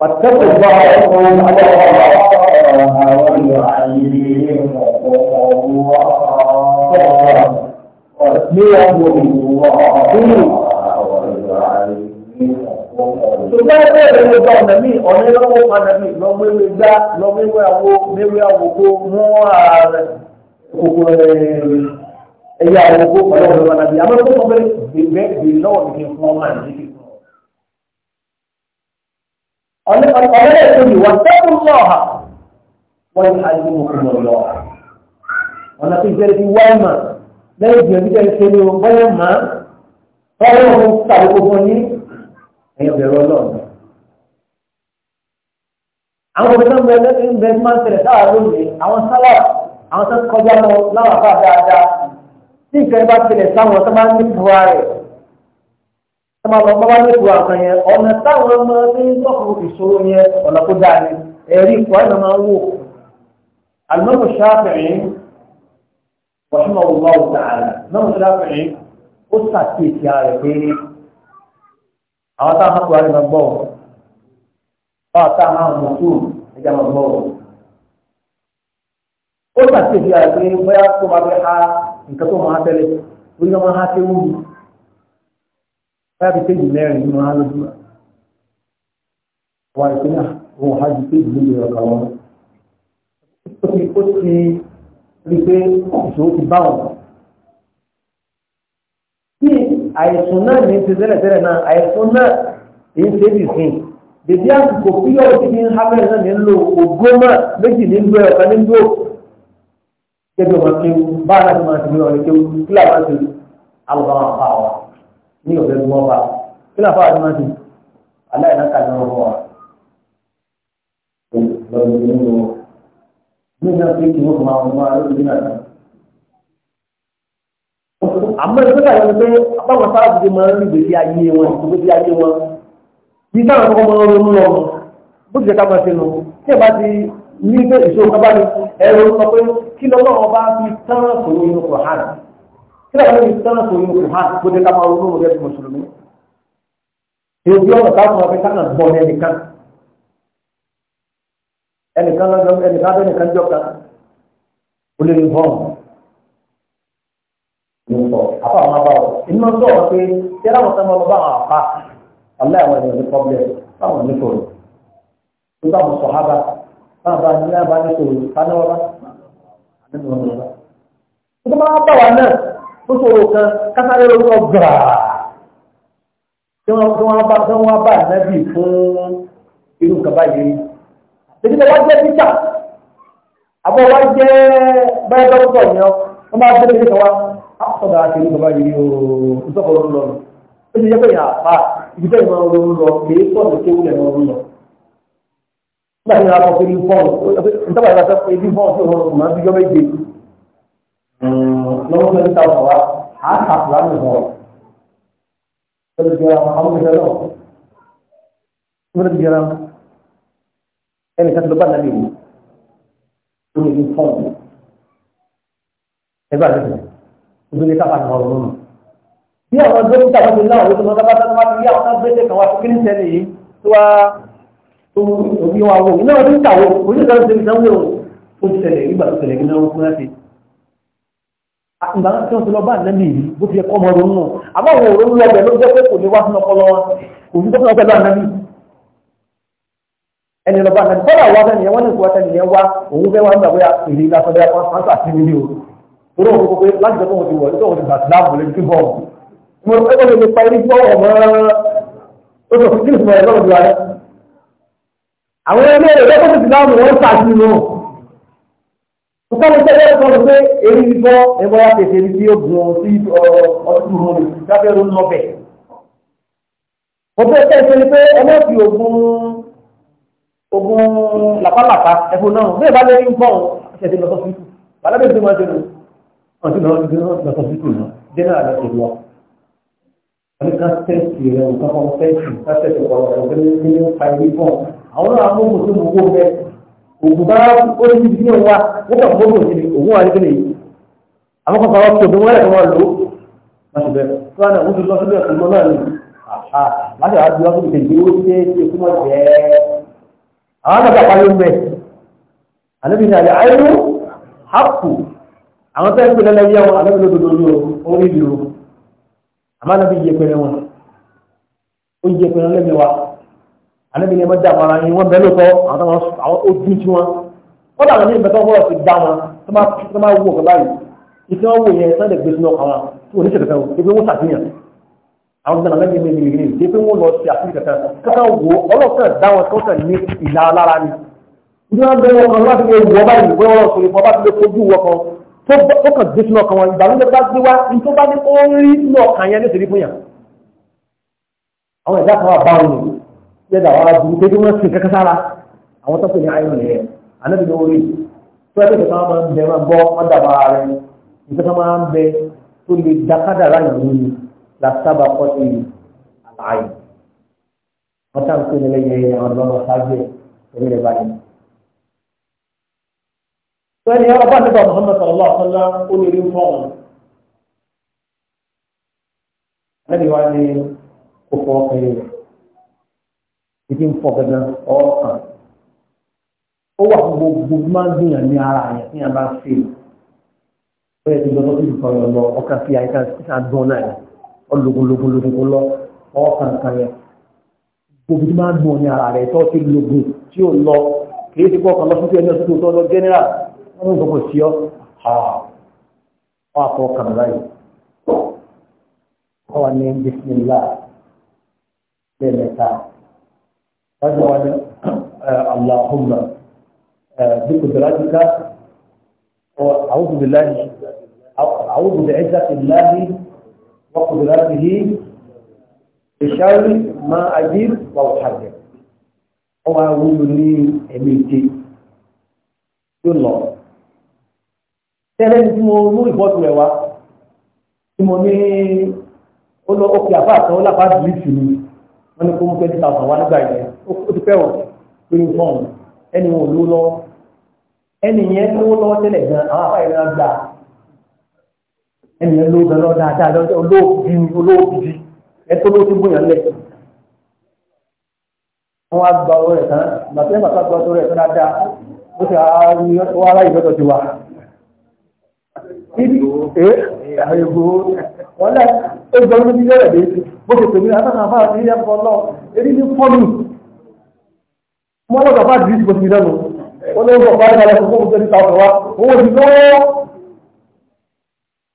[SPEAKER 1] فاتقوا الله وقولوا على الله ويعلمكم الله واتقوا الله ṣùgbọ́n
[SPEAKER 2] ẹgbẹ́ rẹ̀ ló gba ọ̀nà míì ọ̀nà
[SPEAKER 1] ìlọ́wọ́ padà míì lọ́mọ ewé gbá lọ́mọ ewé àwo mẹ́wé ààrẹ kòkòrò ẹ̀yà àwòkó pẹ̀lú ọ̀nà ìlọ́wọ́ àmọ́ tó sọ pé bèbè bèbè lọ́wọ́ nìkan fún ọmọ àdìsí ọ̀rẹ́lẹ̀ ìtòlì wà tẹ́kùn lọ́ha wọ́n ní àìsàn òkúrò lọ́ha ọ̀nà tó jẹ́ ti wá mà lẹ́yìn ìgbìyàn tí kẹ́rin ṣe ní o bọ́yọ̀ mà tọ́wọ́ ọ̀hún tàbí gbogbo ní ẹ̀yọ̀ bẹ̀rẹ̀ ọlọ́run àwọn òbí náà bẹ̀rẹ̀ lẹ́sìn bẹ́ẹ̀ máa ń tẹ̀lẹ̀ sáà lónìí àwọn sálà àwọn tó kọjá lọ láwàfà dáadáa tí ìkẹrẹ bá tẹ̀lẹ̀ sáwọn tó máa ń ní máa lọ bábá ní ìtura kan yẹn ọ̀nà táwọn ọmọ ní sọ́kùnrin ìṣòro yẹn ọ̀nà tó dáa ni ẹ̀rí ìkọ́ ẹ̀ máa ń wò. àlùmọ́tò ṣáàfìrín wàṣúmọ̀ wọ́n wọ́n tààrà mọ́tò ṣáàfìrín ó ṣàkíyèsí ààrẹ pé àwọn táwọn máa kúrò àrẹ gbọ́ ọ̀ táwọn máa mú tù ẹja máa gbọ́ ọ̀. ó ṣàkíyèsí ààrẹ pé bóyá tó máa fẹ́ ha nǹkan tó máa tẹ́lẹ̀ láti péjì mẹ́rin nínú alójúmọ́ wà ìpínlẹ̀ wọn á ju péjì níbi ọ̀kà wọn ó ti ó ti rí pé ìṣòro ti bá wọn. tí àìsùn náà ní ti tẹ́lẹ̀ tẹ́lẹ̀ náà àìsùn náà kì í ṣe é dìsìn dèbí àsìkò pílọ̀ tí ní hamẹ́ náà ní lò ògbómọ̀ méjì ní lò ọ̀kan ní lò kébì ọmọ kéwu báwa láti máa ti gbé ọmọ kéwu kí làwọn ti alùpàá máa pa ní ọ̀fẹ́ tí wọ́n bá kí lóò fáwọn àdúmọ̀ sí aláìláka ní ọ̀rọ̀ wa lọ́dún tó ń lọ ní ìgbà pé kí wọ́n fún àwọn ọmọ alóòrùn ní àná. àmọ́ pé báwọn sáà ti máa ń rí ìgbésí ayé wọn ìgbésí ayé wọn bí bó ti ṣe bá ti ní ìṣòro kábàámi ẹ̀rọ sọ pé kí lọ́wọ́ ọba fi tán kílẹ̀ wọn ní sọ́nà tó yóò fún hàn kó dé ká máa ronú rẹ̀ bí mùsùlùmí. èyí ọ̀nà káwọn ọ̀fẹ́ ká náà gbọ́n ẹnìkan ẹnìkan lọ́jọ́ ẹnìkan bẹ́ẹ̀ nìkan jọ kan ó lè bọ́ọ̀n ló sọ àpá àwọn abáwọ̀ inú ọjọ́ wọn pé tí aláwọ̀ sọ́nà ọlọ́ba àwọn àpá alẹ́ àwọn ènìyàn ní pọ́blẹ̀ táwọn ní sọ̀rọ̀ tó bá wọn sọ hábà táwọn ó sọ̀rọ̀ kan kásáré lórúkọ gbàrà tí wọ́n bá nẹ́bì fún irú nǹkan báyìí tètè tó wá jẹ́ títà àbọ̀ wá jẹ́ báyọ̀ dọ́kítọ̀ ni ọ́ wọ́n bá tẹ́lẹ̀ nípa wá àkọ́dà àti irú nǹkan báyìí o ìsọ̀kọ̀ ló ń lọ ó ti jẹ́ pé ìyá àpá ìdílé ìmọ̀ ló ń lọ kì í sọ̀rọ̀ tó wúlẹ̀ ló ń lọ lọ́wọ́ tó ń ta ọ̀rọ̀ wa á kà fúlá mi bọ̀ tó lè jẹra àwọn ọmọ ìṣẹ́ lọ tó lè jẹra ẹnì kan tó bá nàbí mi tó lè ní fọ́ọ̀mù ẹgbẹ́ àti ìṣẹ́ ìṣẹ́ lè kápá ní ọ̀rọ̀ lónìí. bí àwọn ọdún tó tàbí náà ló tó lọ dábàá tó máa fi yá ọ̀tá gbẹ́dẹ̀ kan wá sí kí ní ṣẹlẹ̀ yìí tó wá tó òbí wa wò iná ọdún tàwọn oníṣẹ́ ìgbà tí wọ́n ti lọ bá ànẹ́bì yìí bó ti yẹ kọ́ ọmọ ronú àmọ́ òun òun lọ bẹ̀ ló jẹ́ pé kò ní wá sínú ọpọlọ wọn kò ní tó fún ọpọlọ ànẹ́bì ẹni lọ bá ànẹ́bì kọ́lá wá sẹ́ni yẹn wọ́n ní ìkúwá sẹ́ni yẹn wá òun fẹ́ wá ń gbàgbé èlé lásọdẹ ọ̀sánsà sí nílé o torí òun kókó láti jẹ́ tóun ti wọ̀ nítorí òun ti bàtí láàbù lè ti bọ̀ mo ẹgbẹ́ mi pa eré gbọ́ ọmọ ó sọ fún kí Nǹkan tó tẹ́lẹ̀ sọ pé èyí ń bọ́ ẹgbẹ́ wa tètè ní tí ó gùn ọ sí ọtún mu ní lábẹ́ ló ń lọ bẹ̀. Mo fẹ́ tẹ́sí ni pé ẹ máa fi oògùn oògùn làpálàpá ẹ̀fọn náà bẹ́ẹ̀ bá lórí ń bọ̀ ọ́ ṣẹ̀ ti lọ sọ sí kù. Bàbá bẹ́ẹ̀ tó máa ṣe lò wọ́n ti lọ sọ sí kù náà dénà àlọ́ ti lọ. Wọ́n ká tẹ́sí rẹ̀ nǹkan kan tẹ́sí ká tẹ́sí ọ̀rọ̀ ọ̀gbẹ́ni ní òkú bá ó ní ibi ní wa wọ́n kàn fọ́ọ̀mù òsì òun wà nígbà yìí àwọn kan wọ́n lò ó tó wà náà wọ́n ti lọ ọ̀sán náà láti àwọn àgbà ń bẹ̀ àlébi ní àníbi ni ẹ mọ́jà mọ́ra yín wọ́n bẹ́ẹ̀ lóòótọ́ àwọn táwọn ojú tí wọ́n wọ́n dàgbà ní ìbẹ̀tọ́ wọ́n ti dá wọn tó máa wù ọ̀gá báyìí ìfi wọn wò yẹn sọ́dẹ̀ gbèsè náà kàwọn tó ní ṣẹ̀kẹ̀kẹ̀ wọn ebi wọ́n ṣàfihàn àwọn gbọ́dọ̀ lẹ́yìn mi nìyí nìyí ebi wọ́n lọ sí àfihàn kẹ̀kẹ́ kẹ̀kẹ́ wo ọlọ́kàn dá wọn kẹ̀kẹ́ ní ìlà alára ni ìdí wọn bẹ wọn kan láti bá ti lè fojú wọ kan tó yẹ́dà wà burú pé kí wọ́n sì kẹ́kẹ́ sára àwọn tọ́sí ní ayọ̀ nìyẹn anábì ní orí tó ẹgbẹ́ kan máa ń bẹ máa bọ́ wọ́n dàbà rẹ nǹkan kan máa ń bẹ tó lè dákádà láyọ̀ nínú làtàbà kọ́sí àlàyé wọ́n tàn sí ní lẹ́yìn àwọn ọ̀dọ́ wọn ṣáájú ẹ̀ ẹ̀mí rẹ̀ báyìí. tó ẹni ọba nípa Muhammad sallallahu alaihi Wasallam sallam ó lè rí fọ́ọ̀mù anábì wa ni kò fọ́ ọkùnrin ètí ń fọ gangan ọkàn ó wà fún gbogbo máa ń gbìyàn ní ara yẹn tí yẹn bá fè ó yẹ kí lọ́dọ́ tó kọ́ ọ lọ ọkàn fi àyíká sísá dún náà yẹn ọlọ́gun lọ́gun lọ́gun lọ ọkàn kan yẹn gbogbo tí máa ń gbìyàn ní ara rẹ̀ tó ti lọ́gun tí ó lọ kì í ti kọ́ ọkàn lọ fún tí ẹni ọ̀sùn tó lọ general wọ́n mú nǹkan kò sí ọ́ ọ́ àpọ̀ ọkàn báyìí ọ́ wà ní bisimilá lẹ́ẹ̀mẹ́ta. فاجعل اللهم بقدرتك أعوذ بالله أعوذ بعزة الله وقدرته بشر ما أجيب وأحرك ọwọ́ awúlò ní ẹ̀mí ìdí yóò lọ. Tẹ́lẹ̀ tí mo mú ìbọ́dù rẹ̀ wá, tí mo ní ó lọ òkè àfáàtàn ó lápá bìlífì ni, wọ́n ní kó mú twenty thousand wá nígbà yẹn. ó ti pẹ́wọ̀n pẹ̀lú ẹni wọn ló lọ ẹni yẹn lọ tẹ́lẹ̀ gan àwọn àbá gbà ẹni yẹn ló gan lọ dáadáa lọ olóòbí olóòbí ẹtọ́ ló ti gbóyàn lẹ̀ gba rẹ̀ gba rẹ̀ dáadáa ó sì wá ti wà. Ibi ee àyẹ̀wò wọn náà dé bó ṣe wọ́n lọ́gbà bá dìí ìbò sí lẹ́nu wọ́n lọ́gbà bá dìí ìbò sí lẹ́nu owó ti lọ́wọ́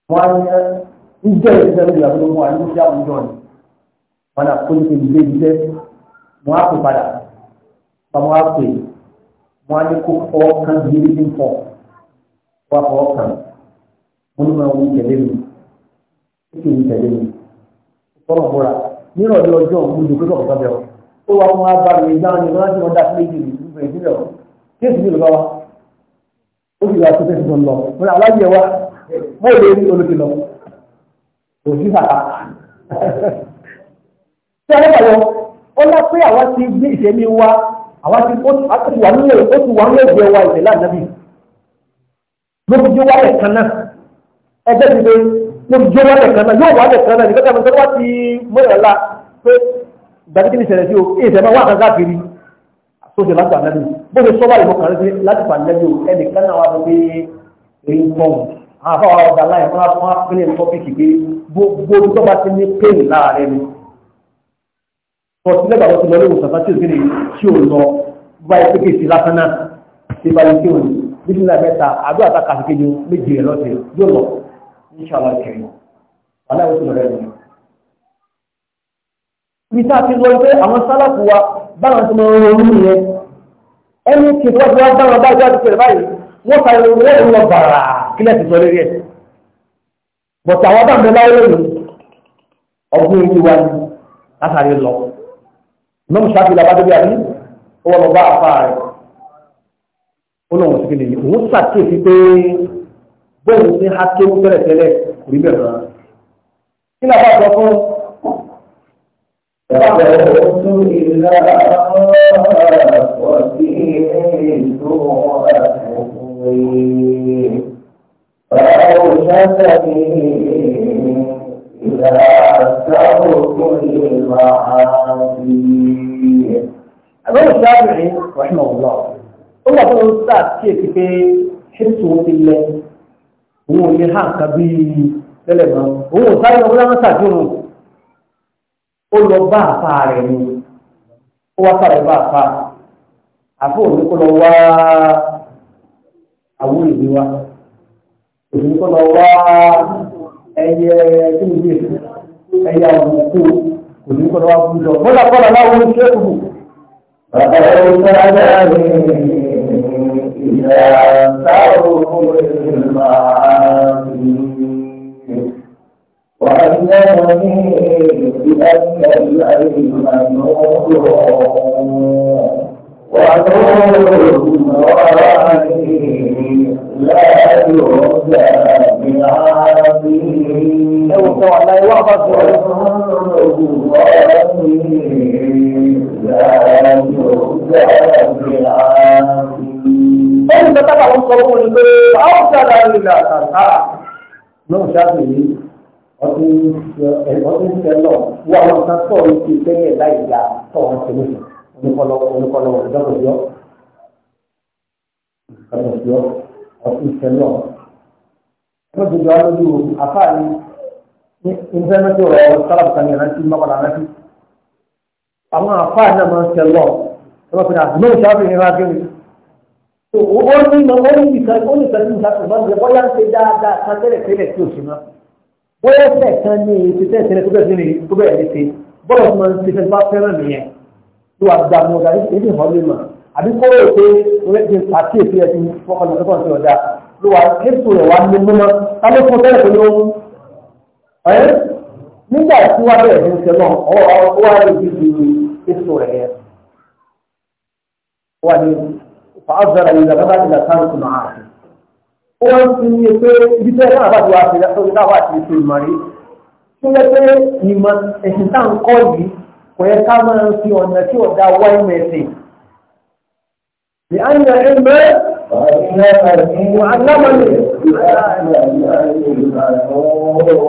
[SPEAKER 1] wọ́n á ní ìjẹ́ ìṣẹ́lẹ̀ ìyàwó ló mú wa ní ìṣẹ́ àwùjọ ni wọ́n á kó ní ilé iṣẹ́ wọ́n á pè padà wọ́n á pè wọ́n á ní kó fọ́ kan bí ilé ń fọ́ wọ́n á fọ́ kan wọ́n ní máa wù tẹ̀lé mi ó sì wù tẹ̀lé mi ó fọ́nà bóra nírọ̀lẹ́ ọjọ́ òun ló dùn kó ó wà fún wa bá mi dáhùn ní wọn láti wọn dá sí méjì nígbà ìdílé ọ kí èsì yóò lọ wa ó sì lọ àti tẹsí tó ń lọ wọn àwọn àjẹ wa wọn ò lè rí olókè lọ kò sí fàkà tí a lè bàyọ ó lọ pé àwa ti gbé ìṣẹ́mi wa àwa ti ó ti wà nílé ó ti wà nílé ìgbẹ́ wa ìṣẹ̀lẹ̀ ànábì ló fi jó wálẹ̀ kan náà ẹgbẹ́ ti pé ló fi jó wálẹ̀ kan náà yóò wálẹ̀ kan náà nígbà tí a gbàgede ní ìṣẹ̀lẹ̀ sí o èyí ìṣẹ̀lẹ̀ wà kankan kiri sóṣè láti ànábì bó ṣe sọ́wọ́ ìmọ̀ kan rẹ̀ láti fànẹ́bì o ẹnì kan náà wà ló pé èyí pọ̀ àwọn afọ àwọn ọ̀dà láì fún wọn pínlẹ̀ tọ́pìkì pé gbogbo tó bá ti ní pain láàárẹ̀ ni tọ́sílẹ̀ bàbá ti lọ lé ìwòsàn tí òkèlè tí ò lọ bá ẹ pékè sí lásán náà ṣe bá yẹ kí òun bíbí mẹ́ta àdó àtàkà àti kejì méje lọ́sẹ̀ yóò lọ ní sàlọ́ ìkẹyìn aláwọ̀ tó lọ rẹ̀ nìyẹn níta ti lọ pé àwọn sálàkù wa báwọn ti mọ ohun ọ̀hún nìyẹn ẹni tí wọ́n ti wá báwọn báyìí wọ́n ti pèrè báyìí wọ́n ka ìròyìn lẹ́yìn lọ bàrà kílẹ̀ ti sọ lórí ẹ̀ bọ̀tà àwọn bá ń bẹ láyé lónìí ọdún ìlú wa ni látàrí lọ mọ́mú sáfì làbádọ́bí àbí ó wọ́n lọ bá àfa rẹ̀ ó lọ́wọ́ sí kìnìyàn òun ṣàkíyèsí pé bóun ní hákéwú tẹ́lẹ̀tẹ́lẹ̀ kò فعلت إلا وكيل سوء فأوشكني إلى ترك المعاصي أبو الشافعي رحمه الله ó wà fún ọ̀sá tí èsì pé ṣíṣù ó ti lẹ òun ò lè hàn kábí lẹ́lẹ̀ mọ́ òun ò sáré ọmọdé wọn ṣàdúró ó lọ bá àfa rẹ̀ ni ó wá fà rẹ̀ bá àfa àfọ òní kó lọ wá àwọn ìwé wa òní kó lọ wá ẹyẹ kí ni yé ẹyẹ àwọn òkú òní kó lọ wá bú lọ bọ́lá bọ́lá láwọn ohun kù. Bàbá ẹ̀rọ sáájà rẹ̀ ìyá sáà ó kó lè máa. وعلمني بأن العلم نور ونور راني لا يرجى بعادي لا يرجى بعادي Ẹni tọ́ta àwọn sọ fún mi pé, "Àwọn ọ̀sẹ̀ àdáyé ìlà àtàtà lóun ṣáàtì yìí." ọdún ọdún tẹlọ wọ àwọn kan tọ̀ ní ti tẹ́lẹ̀ láì gba tọ̀ wọn ti ní oníkọlọ oníkọlọ ọ̀dọ́gbọ̀dọ́ ọ̀dọ́gbọ̀dọ́ ọdún tẹlọ. wọ́n ti gba lójú àfáàní ní ìfẹ́mẹ́tì ọ̀rọ̀ sálábùkà ní ìrántí mọ́kànlá rántí. àwọn àfáàní náà máa ń tẹlọ ọlọ́pàá ní àbúrò ìṣàfihàn ní rákẹ́wì. ó ní ìmọ̀ ó ní ìkànnì ó ní ìkànnì wọ́n yẹ fẹ́ kan ní ètò tẹ́sí ní tó bẹ́ẹ̀ sí tó bẹ́ẹ̀ lè ṣe bọ́ọ̀lù tó máa ń ṣe fẹ́ bá fẹ́ràn nìyẹn tó wà gba àwọn ọ̀gá èdè ìhọ́lé mà àbí kóró ètò oríṣi àkíyèsí ẹ̀ ti fọkàn lọ sọ́kàn sí ọ̀dà ló wà kéèkó rẹ̀ wá ní mímọ́ tálẹ́ fún tẹ́lẹ̀ pẹ̀lú ohun ẹ̀ nígbà tí wọ́n bẹ̀rẹ̀ ní ṣe náà ọwọ́ wa lè ju ètò rẹ̀ yẹn wà ní fàázàrà ó wá ń fi ní pé ibi tẹ́lẹ̀ náà bá ti wá sí ìdájọ́ ìdá wà sí ìṣe ìmọ̀ rí tó yẹ pé ìmọ̀ ẹ̀sìn tá à ń kọ́ yìí kò yẹ ká máa fi ọ̀nà tí ọ̀dà wá ìmọ̀ ẹ̀sìn. لأن العلم معلمني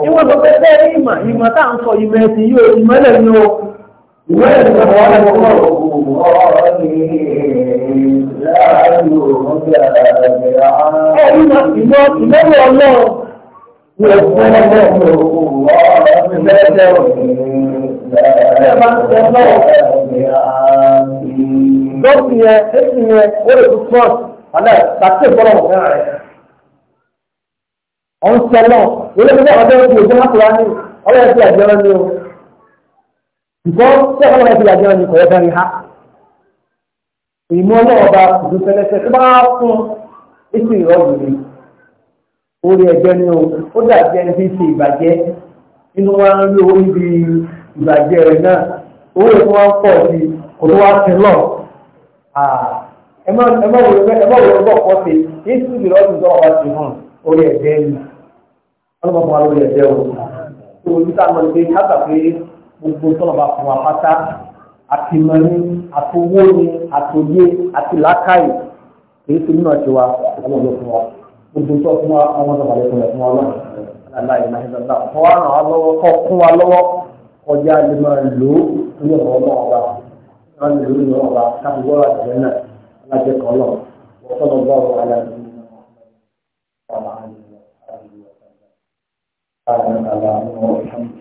[SPEAKER 1] ìwọ̀n tó fẹ́ fẹ́ ìmọ̀ ìmọ̀ tá à ń sọ ìmọ̀ ẹ̀sìn yóò ìmọ̀lẹ̀ ni ó Ìlọ́wọ́ ọlọ́run ni ọ̀pọ̀ ọlọ́run lẹ́jẹ̀ Lọ́pìn ẹ, èsì yẹn, ó lè tún fún ọ̀lẹ́ tàbí ìfọ́lọ̀ ọ̀fẹ́ rẹ̀. Ọ̀n sọ náà, ìlú ìgbẹ́ ọ̀dọ́ ìgbẹ́ ìgbẹ́ láti wá ní ọlọ́ẹ̀dẹ́ àjẹ́rẹ́ ni o. Ìkọ́ sẹ́kọ̀ọ́ láti yàgbé wọn ni kọ̀yọ́ bá rí ha. Ìmọ̀ náà ọba ìlú pẹlẹsẹ tó bá fún ètò ìrọ́bù ni. Orí ẹ̀jẹ̀ ni o, ó dàbí ẹni tí ń ṣe ìbàjẹ́. Inú wa ń rí owó níbi ìbàjẹ́ rẹ̀ náà. Owó ètò wa ń pọ̀ sí kò tó wá lọ. Ẹ má ẹ má pọ̀ sí gbogbo tọ́lọ̀bà fún wa pátá àti mẹ́rin àti owó ni àti òye àti làákàyè kìí ṣe nínú ọ̀ṣẹ̀ wa ọlọ́run fún wa gbogbo tó fún wa ọmọ tó balẹ̀ fún wa fún wa lọ́wọ́ aláì máa ń sọ náà fún wa ràn wá lọ́wọ́ kọ́ fún wa lọ́wọ́ ọjà lè máa lò ó ní ọ̀rọ̀ náà wa náà lè lò ní ọ̀rọ̀ wa káfí wọ́n àti ẹ̀ náà alájẹ kan lọ wọ́n tọ́lọ̀ bá